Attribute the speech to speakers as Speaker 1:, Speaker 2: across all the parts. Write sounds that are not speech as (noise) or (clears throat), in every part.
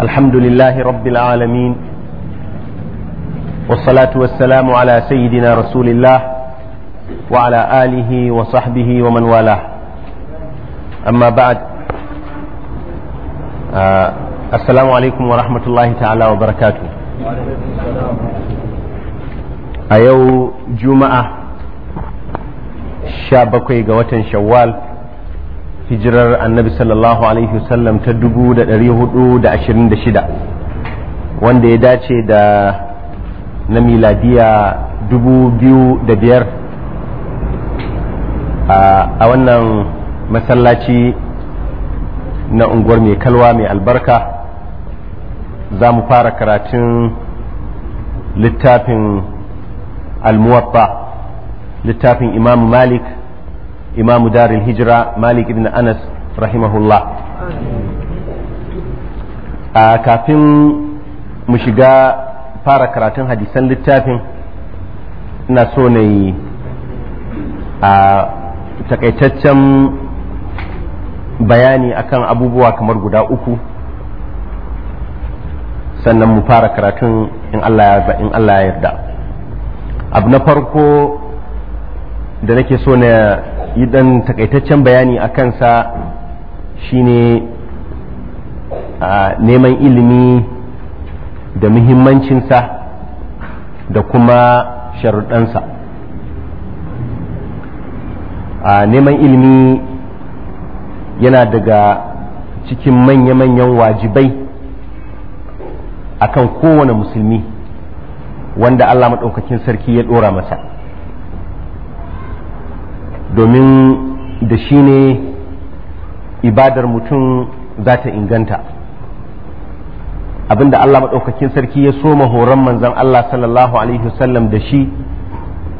Speaker 1: الحمد لله رب العالمين والصلاة والسلام على سيدنا رسول الله وعلى آله وصحبه ومن والاه أما بعد آه السلام عليكم ورحمة الله تعالى وبركاته أيو جمعة شابكوي قوة شوال hijirar annabi sallallahu alaihi wasallam ta 426 wanda ya dace da na miladiya biyar. a wannan masallaci na unguwar mai kalwa mai albarka za mu fara karatun littafin almuwaffa littafin imamu malik imamu darul hijira malik ibn anas rahimahullah a kafin mu shiga fara karatun hadisan littafin ina so na yi a takaitaccen bayani akan abubuwa kamar guda uku sannan mu fara karatun in Allah ya yarda abu na farko da nake so na yi takaitaccen bayani a kansa shine a neman ilimi da muhimmancinsa da kuma sharuɗansa a neman ilimi yana daga cikin manya-manyan wajibai akan kowane musulmi wanda Allah maɗaukakin sarki ya ɗora masa domin da shi ne ibadar mutum za ta inganta abinda Allah maɗaukakin sarki ya so horon manzan Allah sallallahu alaihi wasallam da shi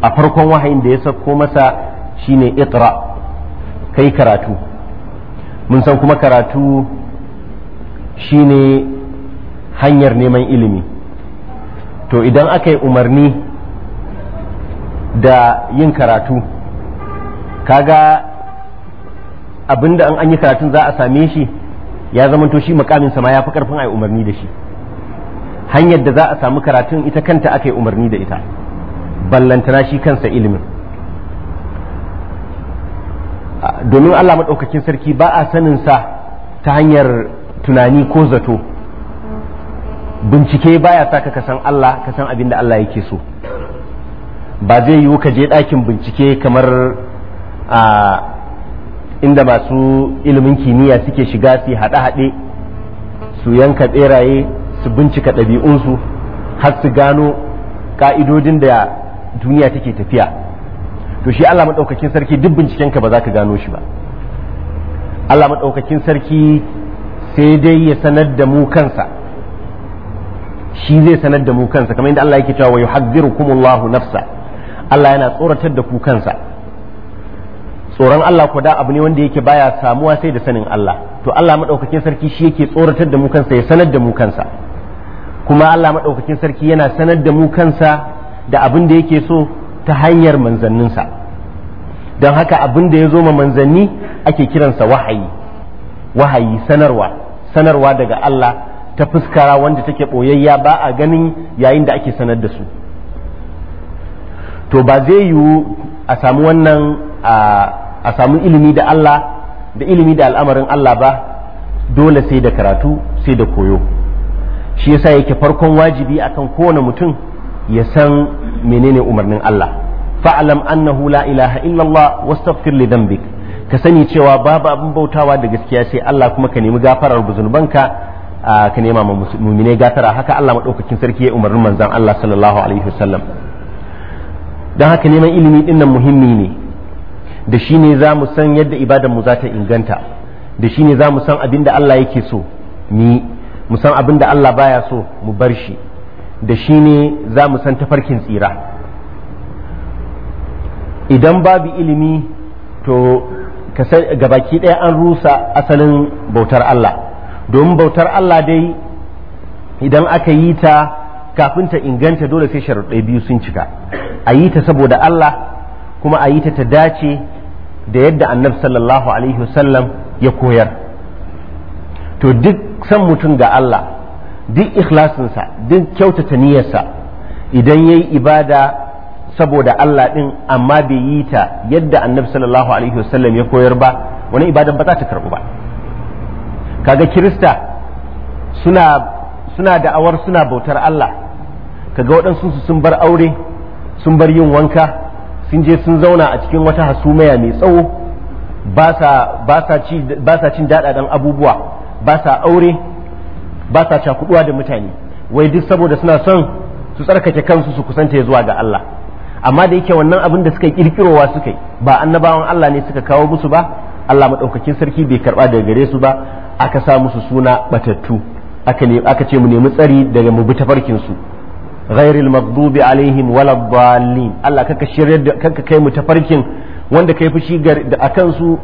Speaker 1: a farkon wahayin da ya sauko masa shi ne itra kai karatu mun san kuma karatu shi ne hanyar neman ilimi to idan aka yi umarni da yin karatu kaga abinda an an yi karatun za a same shi ya zama to shi makamin sama ya fi karfin ai umarni da shi hanyar da za a samu karatun ita kanta aka yi umarni da ita ballantana shi kansa ilimin domin Allah maɗaukakin sarki ba a sa ta hanyar tunani ko zato bincike baya sa ka san Allah ka san abin da Allah yake so ba zai yiwu ka je ɗakin bincike kamar a inda masu ilimin kimiyya suke shiga su haɗe-haɗe su yanka beraye su bincika ɗabi'unsu har su gano ƙa'idodin da duniya take tafiya to shi Allah maɗaukakin sarki duk bincikenka ba za ka gano shi ba Allah maɗaukakin sarki sai dai ya sanar da mu kansa shi zai sanar da mu kansa kamar yadda Allah yake cewa wa yuhadhdhirukumullahu nafsa Allah yana tsoratar da ku kansa tsoron Allah ko da abu ne wanda yake baya samuwa sai da sanin Allah to Allah madaukakin sarki shi yake tsoratar da mu kansa ya sanar da mu kansa kuma Allah madaukakin sarki yana sanar da mu kansa da abin da yake so ta hanyar manzanninsa don haka abin da ya zo ma manzanni ake kiransa wahayi wahayi sanarwa sanarwa daga Allah ta fuskara wanda take ɓoyayya ba a ganin yayin da ake sanar da su to ba zai yiwu a samu wannan a samu ilimi da Allah da ilimi da al'amarin Allah ba dole sai da karatu sai da koyo shi yasa yake farkon wajibi akan kowane mutum ya san menene umarnin Allah fa'alam annahu la ilaha illallah wastaghfir li dhanbik ka sani cewa babu abin bautawa da gaskiya sai Allah kuma ka nemi gafarar zunubanka ka nema ma mu'mine gafara haka Allah madaukakin sarki ya umarnin manzon Allah sallallahu alaihi wasallam dan haka neman ilimi dinnan muhimmi ne da shi ne za mu san yadda ibadanmu za ta inganta da shi ne za mu san abin da Allah yake so ni mu san abin da Allah baya so mu bar shi da shi ne za mu san tafarkin tsira idan babu ilimi to baki ɗaya an rusa asalin bautar Allah domin bautar Allah dai idan aka yi ta kafin ta inganta dole sai sharaɗai biyu sun cika a yi ta saboda Allah kuma a yi ta ta dace da yadda annabi sallallahu alaihi wasallam ya koyar to duk san mutum ga Allah duk ikhlasinsa duk kyautata niyyarsa idan yayi ibada saboda Allah ɗin amma bai yi ta yadda annabi sallallahu alaihi wasallam ya koyar ba wani ibadan ba za ta karbu ba kaga kirista suna suna da'awar suna bautar Allah kaga waɗansu sun bar aure sun bar yin wanka sun je sun zauna a cikin wata hasumaya mai tsawo ba sa cin daɗaɗen abubuwa ba sa aure ba sa cakuɗuwa da mutane wai duk saboda suna son su tsarkake kansu su kusanta zuwa ga Allah amma da yake wannan abin da suka kirkirowa suka yi ba annabawan Allah ne suka kawo musu ba Allah maɗaukakin sarki bai karɓa daga gare su ba aka sa musu suna batattu aka ce mu nemi tsari daga mu bi tafarkin su غير المغضوب عليهم ولا الضالين الله كك شريد كك كاي متفركين wanda kai فشي da a kansu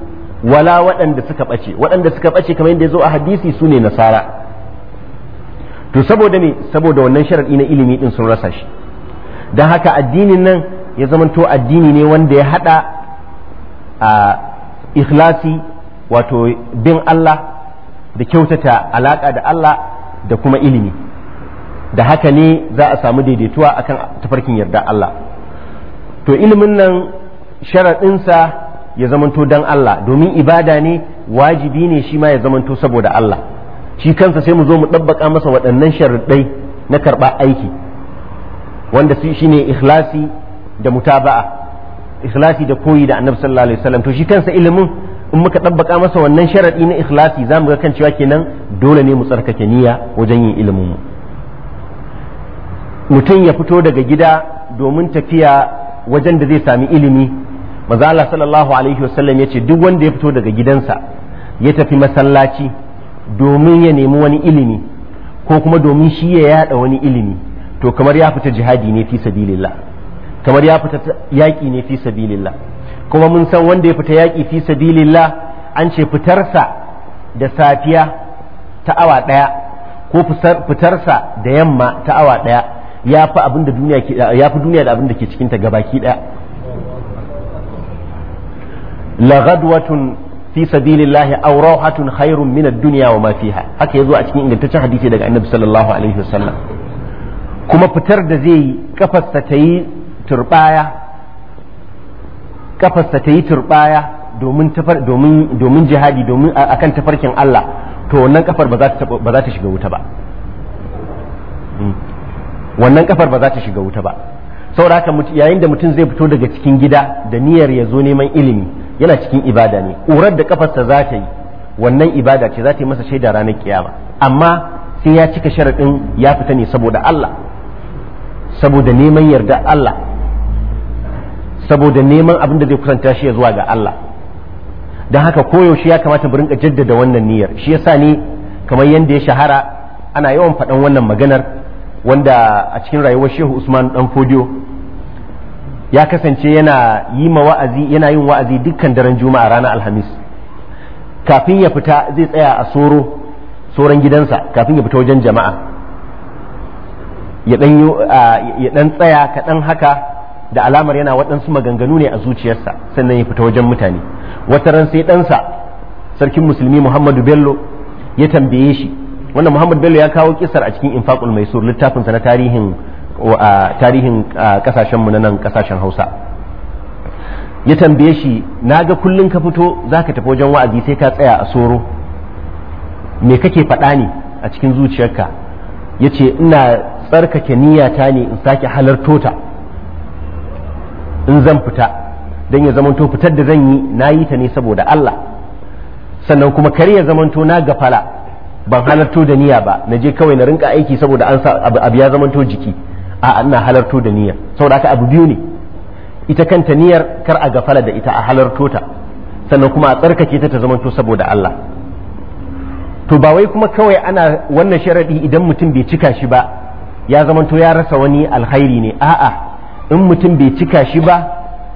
Speaker 1: wala waɗanda suka ɓace waɗanda suka ɓace kamar yadda ya zo a hadisi su ne nasara to saboda ne saboda wannan sharaɗi na ilimi din sun rasa shi don haka addinin nan ya zamanto addini ne wanda ya haɗa a ikhlasi wato bin Allah da kyautata alaƙa da Allah da kuma ilimi da haka ne za a samu daidaituwa akan tafarkin yarda Allah to ilimin nan sharaɗinsa ya zamanto dan Allah domin ibada ne wajibi ne shi ma ya zamanto saboda Allah shi kansa sai mu zo mu ɗabbaƙa masa waɗannan sharaɗai na karɓa aiki wanda shi ne ikhlasi da mutaba'a ikhlasi da koyi da annabi sallallahu alaihi wasallam to shi kansa ilimin in muka ɗabbaka masa wannan sharaɗi na ikhlasi za mu ga kan cewa kenan dole ne mu tsarkake niyya wajen yin ilimin mu mutum ya fito daga gida domin tafiya wajen da zai sami ilimi mazala sallallahu alaihi wasallam ya ce duk wanda ya fito daga gidansa ya tafi masallaci domin ya nemi wani ilimi ko kuma domin shi ya yada wani ilimi to kamar ya fita jihadi ne fi sabilillah kamar ya fita yaƙi ne fi sabilillah kuma mun san wanda ya fita yaƙi fi sabilillah an ce fitarsa da safiya ta awa ɗaya ko fitarsa da yamma ta awa ɗaya ya fi abin da duniya ke ya fi duniya da abin da ke cikin ta gabaki ɗaya la gadwatun fi sabilillahi aw rawhatun khairun min ad-dunya wa ma fiha haka yazo a cikin ingantaccen hadisi daga annabi sallallahu alaihi wasallam kuma fitar da zai kafasta kafarsa ta yi turbaya kafarsa ta yi turbaya domin tafar domin domin jihadi domin akan tafarkin Allah to wannan kafar ba za ta ba za ta shiga wuta ba hmm. wannan kafar ba za ta shiga wuta ba saboda yayin da mutum zai fito daga cikin gida da niyyar ya zo neman ilimi yana cikin ibada ne ƙurar da kafarsa za ta yi wannan ibada ce za ta yi masa shaida ranar kiyama amma sai ya cika sharaɗin ya fita ne saboda Allah saboda neman yarda Allah saboda neman abin da zai kusanta shi ya zuwa ga Allah don haka koyaushe ya kamata mu rinka jaddada wannan niyyar shi yasa ne kamar yadda ya shahara ana yawan faɗan wannan maganar wanda a cikin rayuwar shehu usman dan fodiyo ya kasance yana yi ma wa'azi yana yin wa'azi dukkan daren juma'a ranar alhamis kafin ya fita zai tsaya a soro soron gidansa kafin ya fita wajen jama'a ya dan tsaya kaɗan haka da alamar yana waɗansu maganganu ne a zuciyarsa sannan ya fita wajen mutane wata ran sai ɗansa sarkin musulmi muhammadu bello ya tambaye shi wannan muhammad bello ya kawo kisar a cikin infaqul maisur littafin sa na tarihin tarihin kasashen mu na nan kasashen hausa ya tambaye shi na ga kullum ka fito zaka tafi wajen wa'azi sai ka tsaya a soro me kake faɗa ne a cikin zuciyarka yace ina tsarkake niyyata ne in sake halarto ta in zan fita don ya zamanto fitar da zan yi na yi ta ne saboda Allah sannan kuma kar ya zamanto na gafala ban halarto da niyya ba na je kawai na rinka aiki saboda an sa abu ya zamanto jiki a ina halarto da niyya saboda haka abu biyu ne ita kanta niyyar kar a gafala da ita a halarto ta sannan kuma a tsarkake ta ta zamanto saboda Allah to ba wai kuma kawai ana wannan sharadi idan mutum bai cika shi ba ya zamanto ya rasa wani alhairi ne a'a in mutum bai cika shi ba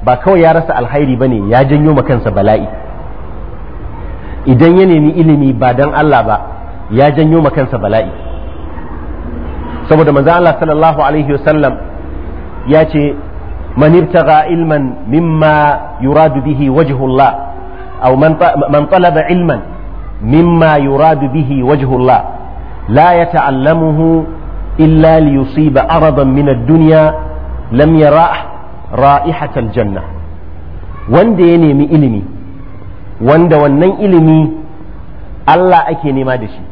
Speaker 1: ba kawai ya rasa alhairi bane ya janyo ma kansa bala'i idan ya nemi ilimi ba dan Allah ba ya janyo makansa bala'i saboda manzo Allah sallallahu alaihi wasallam ya ce man ibtaga ilman mimma yuradu bihi wajhullah aw man man talaba ilman mimma yuradu bihi wajhullah la yata'allamuhu illa liyusiba aradan min ad-dunya lam yara ra'ihatal janna wanda ya nemi ilimi wanda wannan ilimi Allah ake nema da shi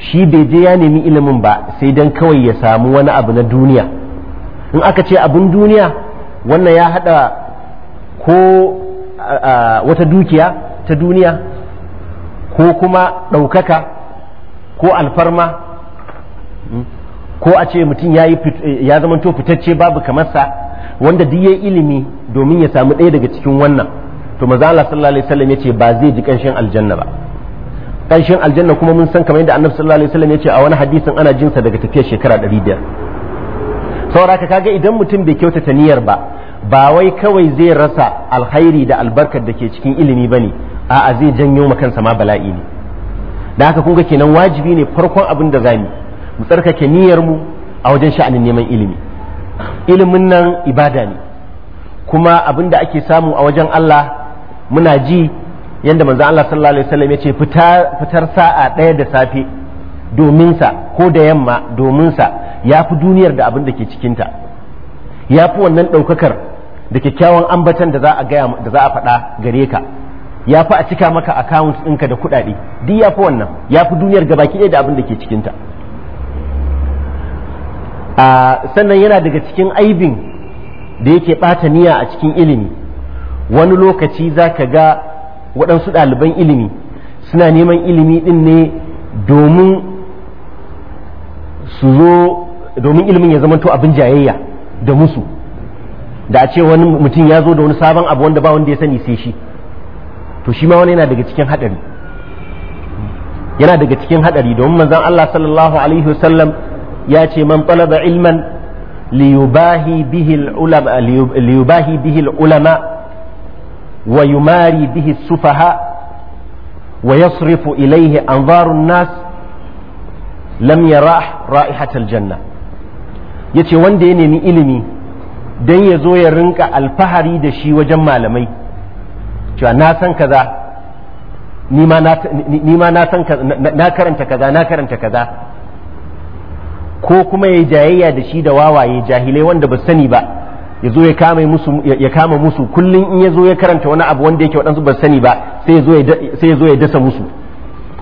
Speaker 1: shi bai je ya nemi ilimin ba sai dan kawai ya samu wani abu na duniya in aka ce abun duniya wannan ya hada ko wata dukiya ta duniya ko kuma ɗaukaka ko alfarma hmm, ko a ce mutum ya zama to fitacce babu kamar sa wanda duk ya ilimi domin ya samu ɗaya daga cikin wannan to maza Allah sallallahu alaihi wasallam ya ce ba zai ji ƙanshin aljanna ba ƙanshin aljanna kuma mun san kamar yadda annabi sallallahu alaihi wasallam ya ce a wani hadisin ana jin sa daga tafiyar shekara 500 saboda ka kaga idan mutum bai kyautata niyyar ba ba wai kawai zai rasa alkhairi da albarkar da ke cikin ilimi bane a'a zai janyo ma kansa ma bala'i ne da haka kun ga kenan wajibi ne farkon abin da zamu mu tsarkake niyyar mu a wajen sha'anin neman ilimi ilimin nan ibada ne kuma abin da ake samu a wajen Allah muna ji yanda manzo Allah sallallahu alaihi wasallam yace ce fitar sa'a ɗaya da safe domin sa ko da yamma domin sa yafi duniyar da abin da ke cikin ta yafi wannan ɗaukakar da kyakkyawan ambatan da za a faɗa gare ka yafi a cika maka account ɗinka da kuɗaɗe duk yafi wannan yafi duniyar gabaki ɗaya da abin da ke cikin ta sannan yana daga cikin aibin da yake ɓata niyya a cikin ilimi wani lokaci za ka ga waɗansu ɗaliban ilimi suna neman ilimi ɗin ne domin su zo domin ilimin ya zama to abin jayayya da musu da a ce wani mutum ya zo da wani sabon abu wanda ba wanda ya sani sai shi to shi ma wani yana daga cikin haɗari yana daga cikin haɗari domin manzan Allah sallallahu alaihi wasallam ya ce man talaba ilman liyubahi bihil ulama wa yumari bihi sufaha wa yasrifu ilaihi anzarun nas lam yara ra'ihatal janna yace wanda ya nemi ilimi dan ya zo ya rinka alfahari da shi wajen malamai na san kaza ni ma na karanta kaza ko kuma ya jayayya da shi da wawaye jahilai wanda ba sani ba ya zo ya kama musu ya kama musu kullun in ya zo ya karanta wani abu wanda yake waɗansu ba sani ba sai ya zo ya sai ya dasa musu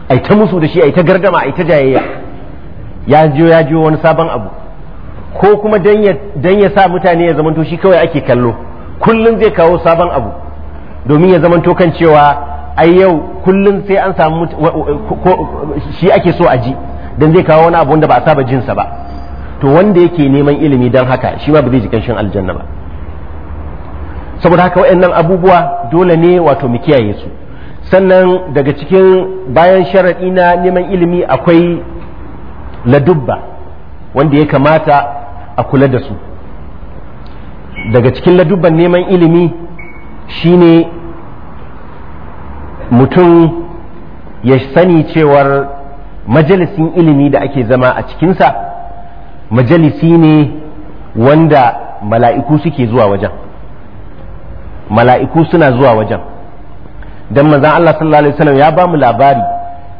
Speaker 1: ai ta musu da shi ai ta gardama ai ta jayayya ya jiyo ya jiyo wani sabon abu ko kuma dan ya dan ya sa mutane ya zamanto shi kawai ake kallo kullun zai kawo sabon abu domin ya zamanto kan cewa ai yau kullun sai an samu shi ake so a ji dan zai kawo wani abu wanda ba a saba jinsa ba to wanda yake neman ilimi don haka shi ma ba zai ji kanshin aljanna ba saboda haka waɗannan abubuwa dole ne wato mu kiyaye su sannan daga cikin bayan sharaɗi na neman ilimi akwai ladubba wanda ya kamata a kula da su daga cikin ladubban neman ilimi shine mutum ya sani cewar majalisin ilimi da ake zama a cikinsa majalisi ne wanda mala'iku suke zuwa wajen mala'iku suna zuwa wajen don mazan Allah sallallahu alaihi wasallam ya ba mu labari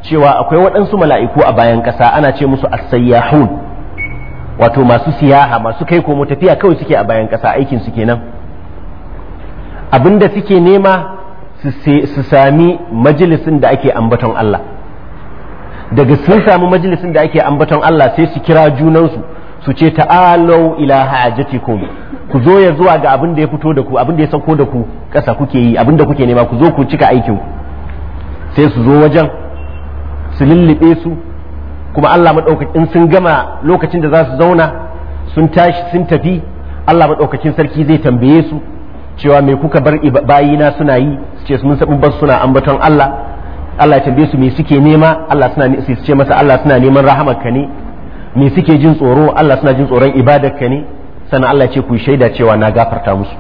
Speaker 1: cewa akwai waɗansu mala'iku a bayan ƙasa ana ce musu asayyahun wato masu siyaha masu kai komo tafiya kawai suke a bayan ƙasa aikin su kenan abinda suke nema su sami majalisin da ake ambaton Allah daga sun sami majalisin da ake ambaton Allah sai su kira junansu su ce ta'alau ila hajatikum ku zo ya zuwa ga abin da ya fito da ku abin da ya sauko da ku kasa kuke yi abin da kuke nema ku zo ku cika aikin ku sai su zo wajen su lullube su kuma Allah madaukakin sun gama lokacin da za su zauna sun tashi sun tafi Allah madaukakin sarki zai tambaye su cewa me kuka bar bayina suna yi su ce mun sabu bar suna ambaton Allah Allah ya tambaye su me suke nema Allah suna su ce masa Allah suna neman rahamarka ne me suke jin tsoro Allah suna jin tsoron ibadar ka ne sannan Allah ce ku shaida cewa na gafarta musu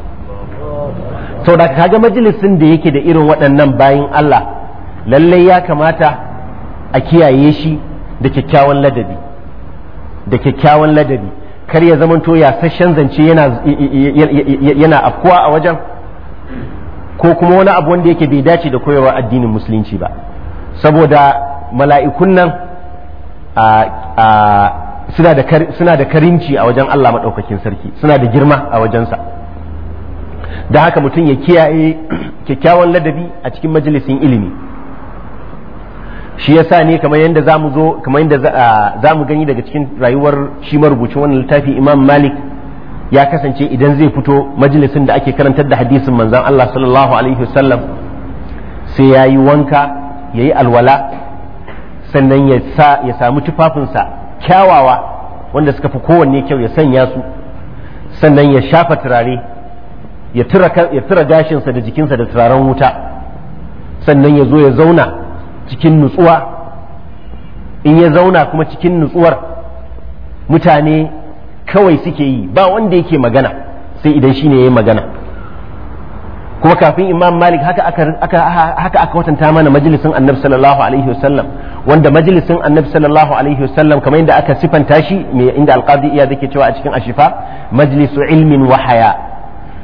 Speaker 1: sau da kaga majalisin da yake da irin waɗannan bayan Allah lallai ya kamata a kiyaye shi da kyakkyawan ladabi da kyakkyawan ladabi kar ya zamanto ya sashen zance yana afkuwa a wajen ko kuma wani abu wanda yake bai dace da koyarwar addinin musulunci ba saboda mala'ikun nan a suna da karinci a wajen Allah maɗaukakin sarki suna da girma a wajensa da haka mutum ya kiyaye (clears throat) kyakkyawan ladabi a cikin majalisin ilimi shi yasa ne kamar yadda za mu zo kamar yadda ah, za mu gani daga cikin rayuwar shi marubucin wannan littafi Imam Malik ya kasance idan zai fito majalisin da ake karantar da hadisin manzan Allah sallallahu alaihi wasallam sai ya yi wanka ya yi alwala sannan ya samu tufafinsa kyawawa wanda suka fi kowanne kyau ya sanya su sannan ya shafa turare ya tura gashinsa da jikinsa da turaren wuta sannan ya zo ya zauna cikin nutsuwa in ya zauna kuma cikin nutsuwar mutane kawai suke yi ba wanda yake magana sai idan shi ne ya yi magana kuma kafin imam malik haka aka haka watanta mana majalisin annabi sallallahu alaihi wasallam wanda majalisin annabi sallallahu alaihi wasallam kamar inda aka sifanta shi me inda alqadi iya yake cewa a cikin ashifa majlisu ilmin wa haya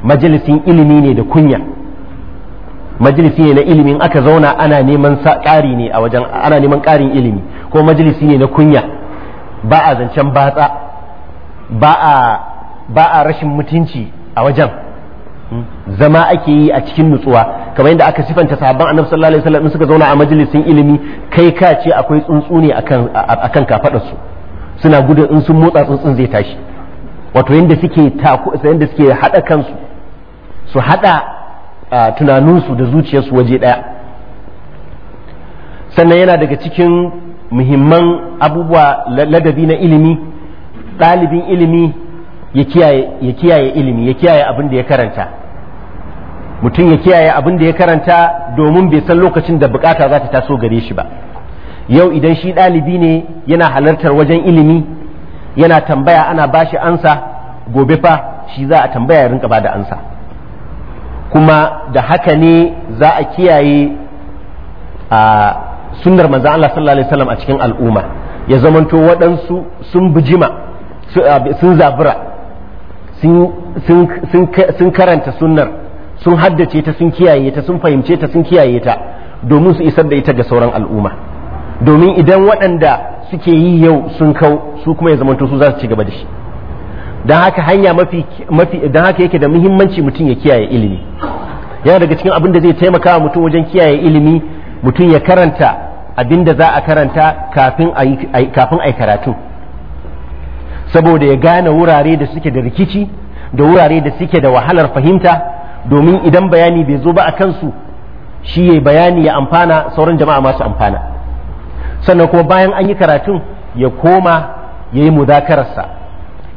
Speaker 1: majalisin ilimi ne da kunya majalisi ne na ilimin aka zauna ana neman ƙari ne a wajen ana neman ƙarin ilimi ko majalisi ne na kunya ba a zancen batsa ba a rashin mutunci a wajen zama ake yi a cikin nutsuwa kamar yadda aka sifanta sahabban annabi sallallahu alaihi wasallam suka zauna a majalisin ilimi kai ka ce akwai tsuntsu ne akan akan kafadar su suna gudun in sun motsa tsuntsun zai tashi wato yadda suke taku yadda suke hada kansu su hada tunaninsu da zuciyarsu waje daya sannan yana daga cikin muhimman abubuwa ladabi na ilimi ɗalibin ilimi ya kiyaye ilimi ya kiyaye abin da ya karanta mutum ya kiyaye abin da ya karanta domin bai san lokacin da bukata za ta taso gare shi ba yau idan shi ɗalibi ne yana halartar wajen ilimi yana tambaya ana ba shi ansa gobe fa shi za a tambaya ya rinka da ansa kuma da haka ne za a kiyaye a sunnar manzan Allah sallallahu alaihi wasallam a cikin al'umma ya zamanto waɗansu sun bijima sun zabura sun karanta sunnar sun haddace ta sun kiyaye ta sun fahimce ta sun kiyaye ta domin su isar da ita ga sauran al'umma domin idan waɗanda suke yi yau sun kau su kuma ya zamanta su za su ci gaba da shi don haka hanya mafi don haka yake da muhimmanci mutum ya kiyaye ilimi yana daga cikin abin da zai taimaka wa mutum wajen kiyaye ilimi mutum ya karanta abin da za a karanta kafin a yi karatu saboda ya gane wurare da suke da rikici da wurare da suke da wahalar fahimta domin idan bayani bai zo ba a kansu shi ya bayani ya amfana sauran jama'a masu amfana sannan kuma bayan an yi karatun ya koma ya yi mudakararsa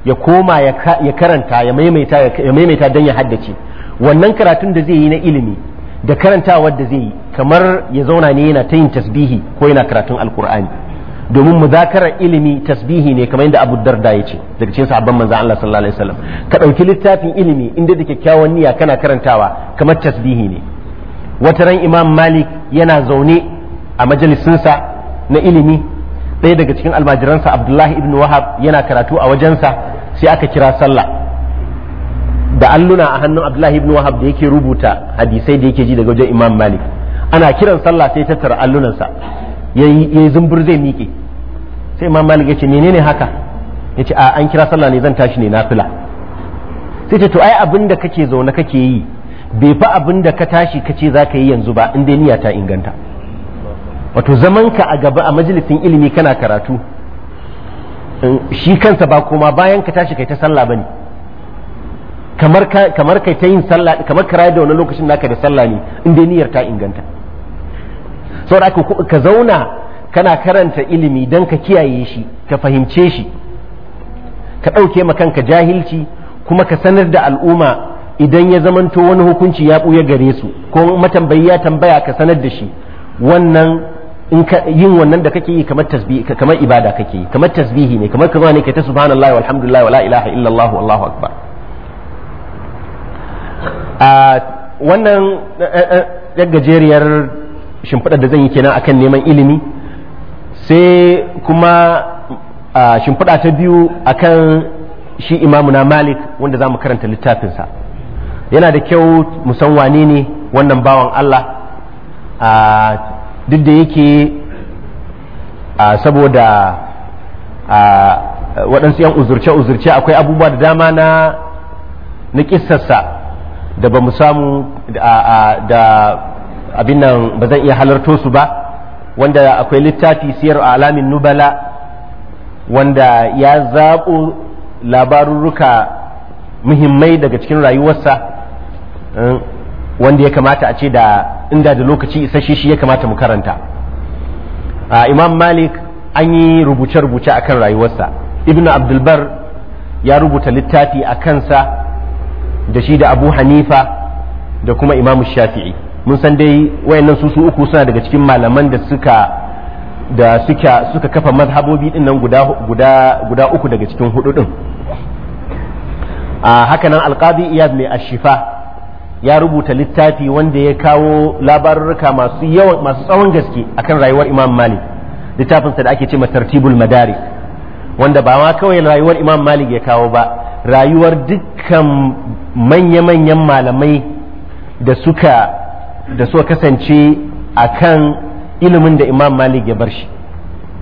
Speaker 1: ya koma ya karanta ya maimaita don ya haddace wannan karatun da zai yi na ilimi da karantawa da zai yi kamar ya zauna ne yana ta yin tasbihi ko yana karatun alkur'ani domin muzakarar ilimi tasbihi ne kamar yadda Abu Darda ya daga cikin sahabban manzo Allah sallallahu alaihi wasallam ka dauki littafin ilimi inda da kyakkyawan niyya kana karantawa kamar tasbihi ne wata ran Imam Malik yana zaune a majalisinsa na ilimi ɗaya daga cikin almajiransa Abdullahi ibn Wahab yana karatu a wajensa sai aka kira sallah da alluna a hannun Abdullahi ibn Wahab da yake rubuta hadisai da yake ji daga wajen Imam Malik ana kiran sallah sai tattara sa. yayi zumbur zai miƙe sai imam malik yace menene haka yace a an kira sallah ne zan tashi ne na fila sai ce to ai abin da kake zaune kake yi bai fa abin da ka tashi kace za ka yi yanzu ba in dai niyya ta inganta wato zaman ka a gaba a majalisin ilimi kana karatu shi kansa ba koma bayan ka tashi kai ta sallah bane kamar kamar kai ta yin sallah kamar karaye da wani lokacin naka da sallah ne in dai niyyar ta inganta saboda ka zauna kana karanta ilimi don ka kiyaye shi ka fahimce shi ka ɗauke ma kanka jahilci kuma ka sanar da al'umma idan ya zamanto wani hukunci ya ɓuya gare su ko matambayi ya tambaya ka sanar da shi wannan yin wannan da kake yi kamar tasbihi kamar ibada kake yi kamar tasbihi ne kamar kaza ne kai ta subhanallahi walhamdulillahi wala ilaha illallah wallahu akbar a ah, wannan eh, eh, eh, gajeriyar shimfiɗar da zan yi kenan akan neman ilimi sai kuma shimfiɗa ta biyu akan shi imamuna malik wanda za mu karanta littafinsa yana da kyau musan san wane ne wannan bawan allah duk da yake saboda waɗansu 'yan uzurce-uzurce akwai abubuwa da dama na na kissarsa da ba mu samu da abin nan ba zan iya halarto su ba wanda akwai littafi siyar a alamin nubala wanda ya zaɓo labarurruka muhimmai daga cikin rayuwarsa eh, wanda ya kamata a ce da inda da lokaci isasshe shi ya kamata mu karanta a imam malik an yi rubuce-rubuce kan rayuwarsa ibn abdulbar ya rubuta littafi a kansa da shi da abu hanifa da kuma imam shafi'i mun san dai wayannan su su uku suna daga cikin malaman da suka da suka suka kafa mazhabobi din nan guda guda guda uku daga cikin hudu din a hakanan nan alqadi iyad mai ashifa ya rubuta littafi wanda ya kawo labarurruka masu yawan masu tsawon gaske akan rayuwar imam malik littafinsa da ake ce tartibul madari wanda ba ma kawai rayuwar imam malik ya kawo ba rayuwar dukkan manya-manyan malamai da suka da suka kasance a kan ilimin da imam malik ya bar shi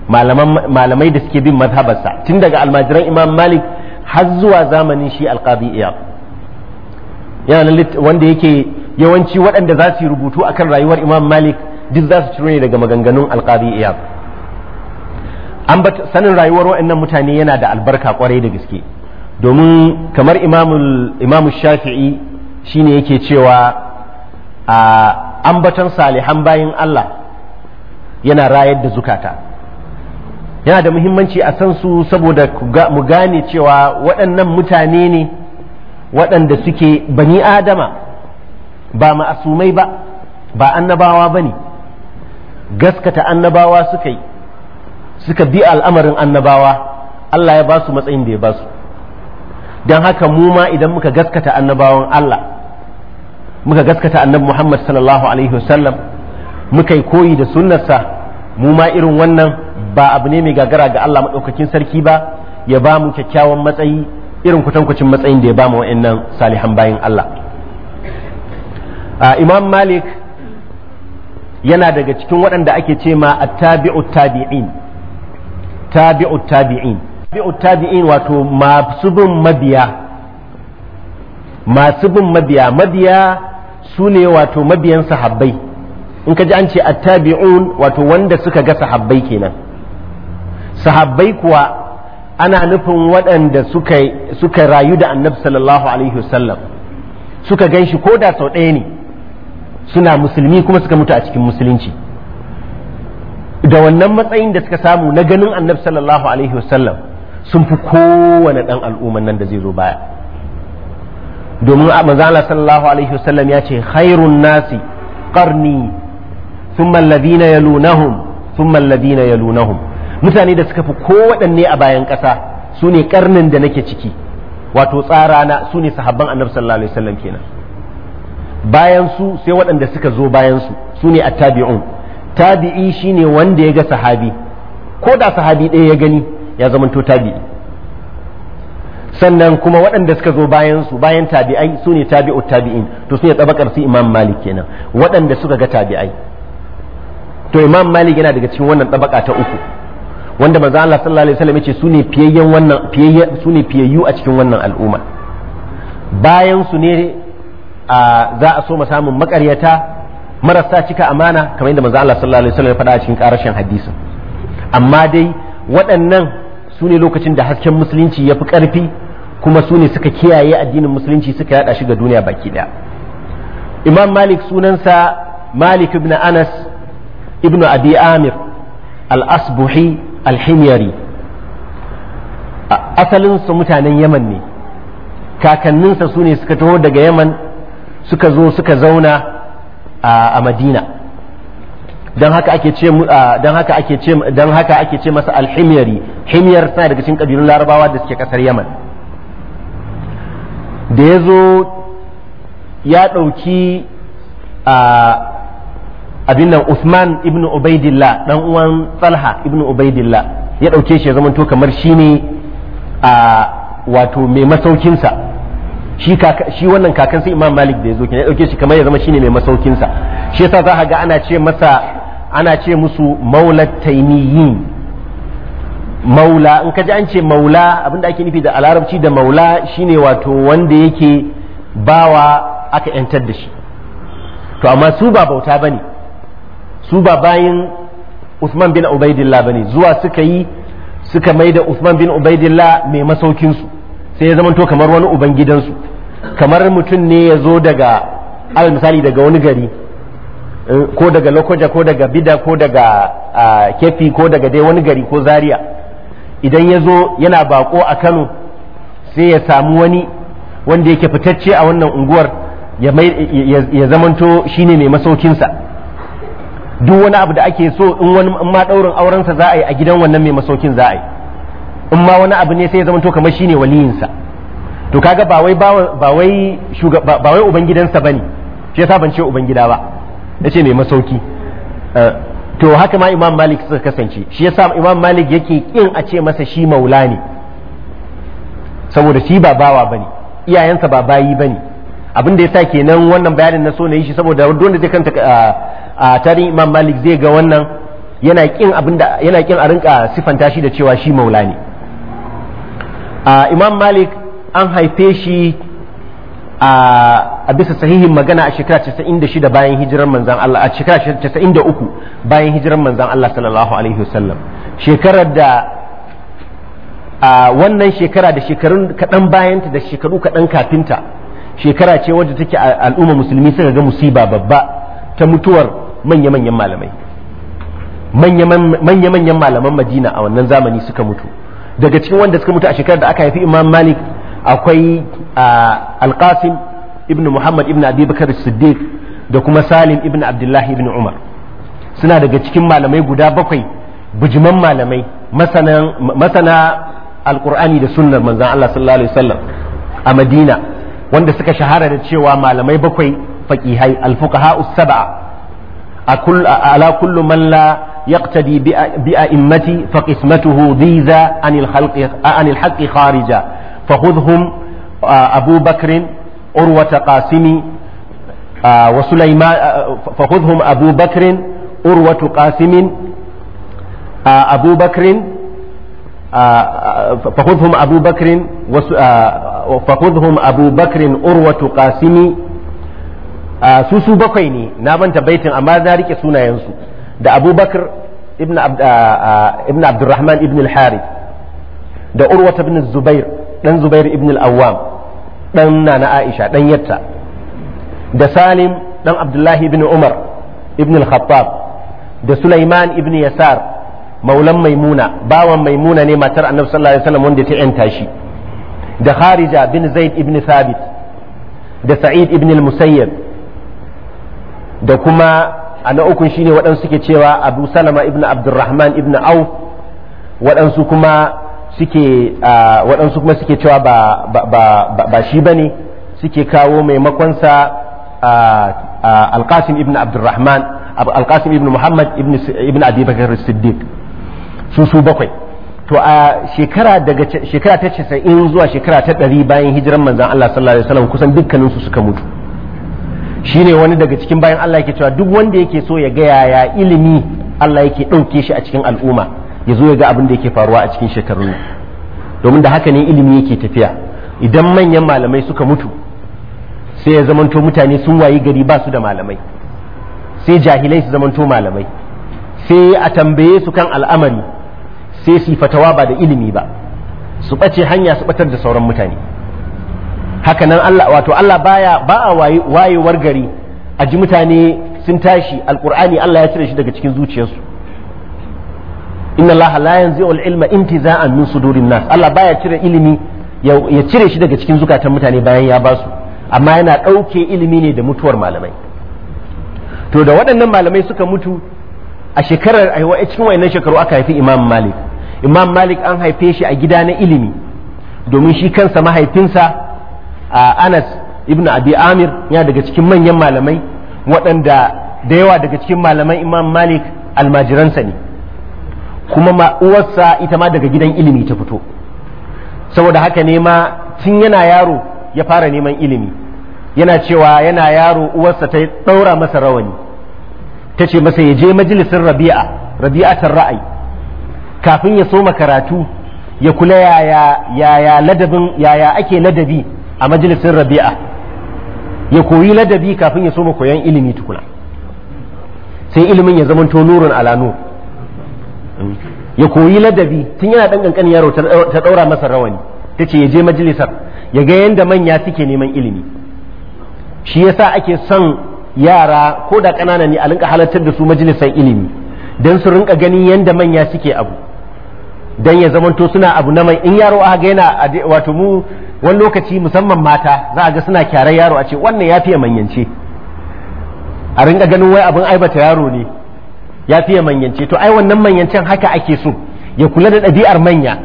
Speaker 1: malamai da suke bin mazhabarsa tun daga almajiran imam malik har zuwa zamanin shi alkabi iya yana wanda yake yawanci waɗanda za su yi rubutu kan rayuwar imam malik duk za su ciro ne daga maganganun alkabi iya an sanin rayuwar waɗannan mutane yana da albarka kwarai da gaske domin kamar imamu shafi'i shine yake cewa a ambaton salihan bayin Allah yana rayar da zukata yana da muhimmanci a san su saboda mu gane cewa waɗannan mutane ne waɗanda suke bani adama ba ma'asumai ba ba annabawa ba ne gaskata annabawa suka yi suka bi al'amarin annabawa Allah ya ba su matsayin da ya ba su don haka mu ma idan muka gaskata annabawan Allah muka gaskata annabi Muhammad sallallahu alaihi wasallam muka yi koyi da sunnarsa mu ma irin wannan ba abu ne mai gagara ga Allah madaukakin sarki ba ya ba mu kyakkyawan matsayi irin kutankucin matsayin da ya ba mu wa'annan salihan bayin Allah a Imam Malik yana daga cikin waɗanda ake ce ma at-tabi'u tabi'in tabi'u tabi'in tabi'u tabi'in wato masu bin mabiya masu mabiya mabiya su ne wato mabiyan sahabbai in ka ji an ce attabi'un wato wanda suka ga sahabbai kenan sahabbai kuwa ana nufin waɗanda suka, suka rayu da annabi sallallahu alaihi wasallam suka gan shi ko da sau ɗaya ne suna musulmi kuma suka mutu a cikin musulunci da wannan matsayin da suka samu na ganin annabi sallallahu alaihi wasallam sun fi kowane ɗan al'umman nan da zai zo baya domin a Allah sallallahu alaihi wasallam ya ce khairun nasi qarni thumma alladhina yalunahum thumma alladhina yalunahum mutane da suka fi ko kowaɗanne a bayan ƙasa su ne karnin da nake ciki wato tsarana su ne sahabban annabi sallallahu alaihi wasallam kenan bayan su sai waɗanda suka zo bayan su su ne attabi'un tabi'i shine wanda ya ga sahabi ko da sahabi ɗaya ya gani ya zamanto tabi'i sannan kuma waɗanda suka zo bayan su bayan tabi'ai su ne tabi'u tabi'in to sun ne tsabakar su imam malik kenan waɗanda suka ga tabi'ai to imam malik yana daga cikin wannan tsabaka ta uku wanda manzo Allah sallallahu alaihi wasallam yace su ne fiyayyen wannan fiyayye su ne fiyayyu a cikin wannan al'umma bayan su ne a za a so mu samun makaryata marasa cika amana kamar yadda manzo Allah sallallahu alaihi wasallam ya faɗa a cikin ƙarashin hadisin amma dai waɗannan su ne lokacin da hasken musulunci ya fi ƙarfi kuma su ne suka kiyaye addinin musulunci suka yada shi ga duniya baki daya imam malik sunansa malik ibn anas ibn abi amir al-asbuhi al-himyari asalinsa mutanen yaman ne kakanninsa su ne suka taho daga yaman suka zo suka zauna a madina don haka ake ce don haka ake ce don haka ake ce masa al-himyari himyar tana daga cikin kabilun larabawa da suke kasar yaman da ya zo ya ɗauki abin nan Usman ibn Ubaidillah dan uwan Talha ibn Ubaidillah ya ɗauke shi ya zama to kamar shi ne a wato mai masaukinsa shi shi wannan sai Imam Malik da ya zo kina ya ɗauke shi kamar ya zama ne mai masaukinsa shi yasa za ga ana ce masa ana ce musu maulat maula in ka ji an ce maula abinda ake nufi da alarabci da maula shine wato wanda yake bawa aka yantar da shi to amma su ba bauta ba ne su ba bayan Usman bin Ubaidillah ba ne zuwa suka yi suka mai da Usman bin Ubaidillah mai masaukinsu sai ya zamanto kamar wani uban kamar mutum ne ya zo daga al misali daga wani gari eh, ko daga lokoja ko daga bida ko daga ah, kefi ko daga dai wani gari ko Zariya. idan ya zo yana bako a kano sai ya samu wani wanda yake fitacce a wannan unguwar ya zamanto shine mai masaukinsa duk wani abu da ake so in wani ma daurin aurensa za a yi a gidan wannan mai masaukin za a yi in ma wani abu ne sai ya zamanto kamar shine waliyinsa to kaga ba wai ba wai ba wai ubangidansa bane shi yasa ban ce ubangida ba ce mai masauki eh, to haka ma imam malik suka kasance shi yasa imam malik yake kin a ce masa shi maula ne saboda shi ba bawa bane iyayensa ba bayi bane abin da yasa kenan wannan bayanin na so na yi shi saboda wanda zai kanta a tarihin imam malik zai ga wannan yana kin abin da yana kin a rinka sifanta shi da cewa shi maula ne imam malik an haife shi a bisa sahihin magana a shekara 96 bayan hijirar manzan Allah a shekara 93 bayan hijirar manzan Allah sallallahu alaihi wasallam shekarar da a wannan shekara da shekarun kaɗan bayanta da shekaru kaɗan kafinta shekara ce wadda take al'umma musulmi suka ga musiba babba ta mutuwar manya-manyan malamai manya-manyan malaman madina a wannan zamani suka mutu daga cikin wanda suka mutu a shekarar da aka haifi imam malik akwai alqasim ibn muhammad ibn abi siddiq da kuma salim ibn abdullahi ibn umar suna daga cikin malamai guda bakwai bujiman malamai masana alkur'ani da sunnar manzan Allah sallallahu alaihi wasallam a madina wanda suka shahara da cewa malamai bakwai faƙihai alfuqaha sab'a ala kullu man la yaqtadi bi a'immati fa qismatuhu dhiza anil haqqi kharija فخذهم أبو بكر عروة قاسم وسليمان فخذهم أبو بكر عروة قاسم أبو بكر فخذهم أبو بكر فخذهم أبو بكر عروة قاسم su su bakwai ne na manta baitin amma za rike sunayensu da ibn abdurrahman ibn al-harith da urwata ibn zubair Ɗan zubair ibn al-awwam ɗan nana aisha ɗan yatta da salim ɗan abdullahi ibn umar ibn al-khattab da sulaiman ibn yasar maulan maimuna bawan maimuna ne matar annabi sallallahu alaihi wanda ta yanta shi da kharija bin zaid ibn thabit da sa'id ibn al-musayyib da kuma a na ukun shine waɗansu suke cewa abu salama ibn abdurrahman ibn auf waɗansu kuma suke waɗansu kuma suke cewa ba shi ba ne suke kawo maimakonsa alƙasim ibn abdurrahman alƙasim ibn muhammad ibn bakar siddiq su su bakwai to a shekara daga shekara ta casa'in zuwa shekara ta ɗari bayan hijiran manzan Allah sallallahu alaihi wasallam kusan dukkaninsu suka mutu Shi ne wani daga cikin bayan Allah yake cewa duk wanda yake so ya ga yaya ilimi Allah yake ɗauke shi a cikin al'umma ya zo ya ga abin da yake faruwa a cikin shekarun nan domin da haka ne ilimi yake tafiya idan manyan malamai suka mutu sai ya zamanto mutane sun wayi gari ba su da malamai sai jahilai su zamanto malamai sai a tambaye su kan al'amari sai su fatawa ba da ilimi ba su ɓace hanya su ɓatar da sauran mutane haka nan Allah wato Allah baya ba a wayewar gari a ji mutane sun tashi Alƙur'ani Allah ya cire shi daga cikin zuciyarsu inna Allah la yanzi'u al-ilma intiza'an min sudurin nas Allah baya cire ilimi ya cire shi daga cikin zukatan mutane bayan ya ba su amma yana ɗauke ilimi ne da mutuwar malamai to da waɗannan malamai suka mutu a shekarar a cikin wayannan shekaru aka haifi Imam Malik Imam Malik an haife shi a gida na ilimi domin shi kansa mahaifinsa a Anas ibn Abi Amir ya daga cikin manyan malamai waɗanda da yawa daga cikin malaman Imam Malik almajiransa ne kuma ma uwarsa ita ma daga gidan ilimi ta fito saboda haka ne ma tun yana yaro ya fara neman ilimi yana cewa yana yaro uwarsa ta ɗaura masa rawani ta ce masa ya je majalisin rabi'a rabi'atar ra'ayi kafin ya soma karatu ya kula yaya yaya ladabin yaya ake ladabi a majalisin rabi'a ya koyi ladabi kafin ya soma koyan ilimi tukuna sai ilimin ya zamanto nurun ala nur ya koyi ladabi tun yana dan kankan yaro ta daura masa rawani Ta ce ya je majalisar ya ga yanda manya suke neman ilimi shi yasa ake son yara ko da ƙanana ne a rinka halartar da su majalisar ilimi don su rinka ganin yanda manya suke abu don ya zamanto suna abu na mai in yaro a ga yana wato mu wani lokaci musamman mata za a ga suna kyarar yaro a ce wannan ya fiye manyance a rinka ganin wai abin aibata yaro ne ya fiye manyance to ai wannan manyancen haka ake so ya kula da ɗabi'ar manya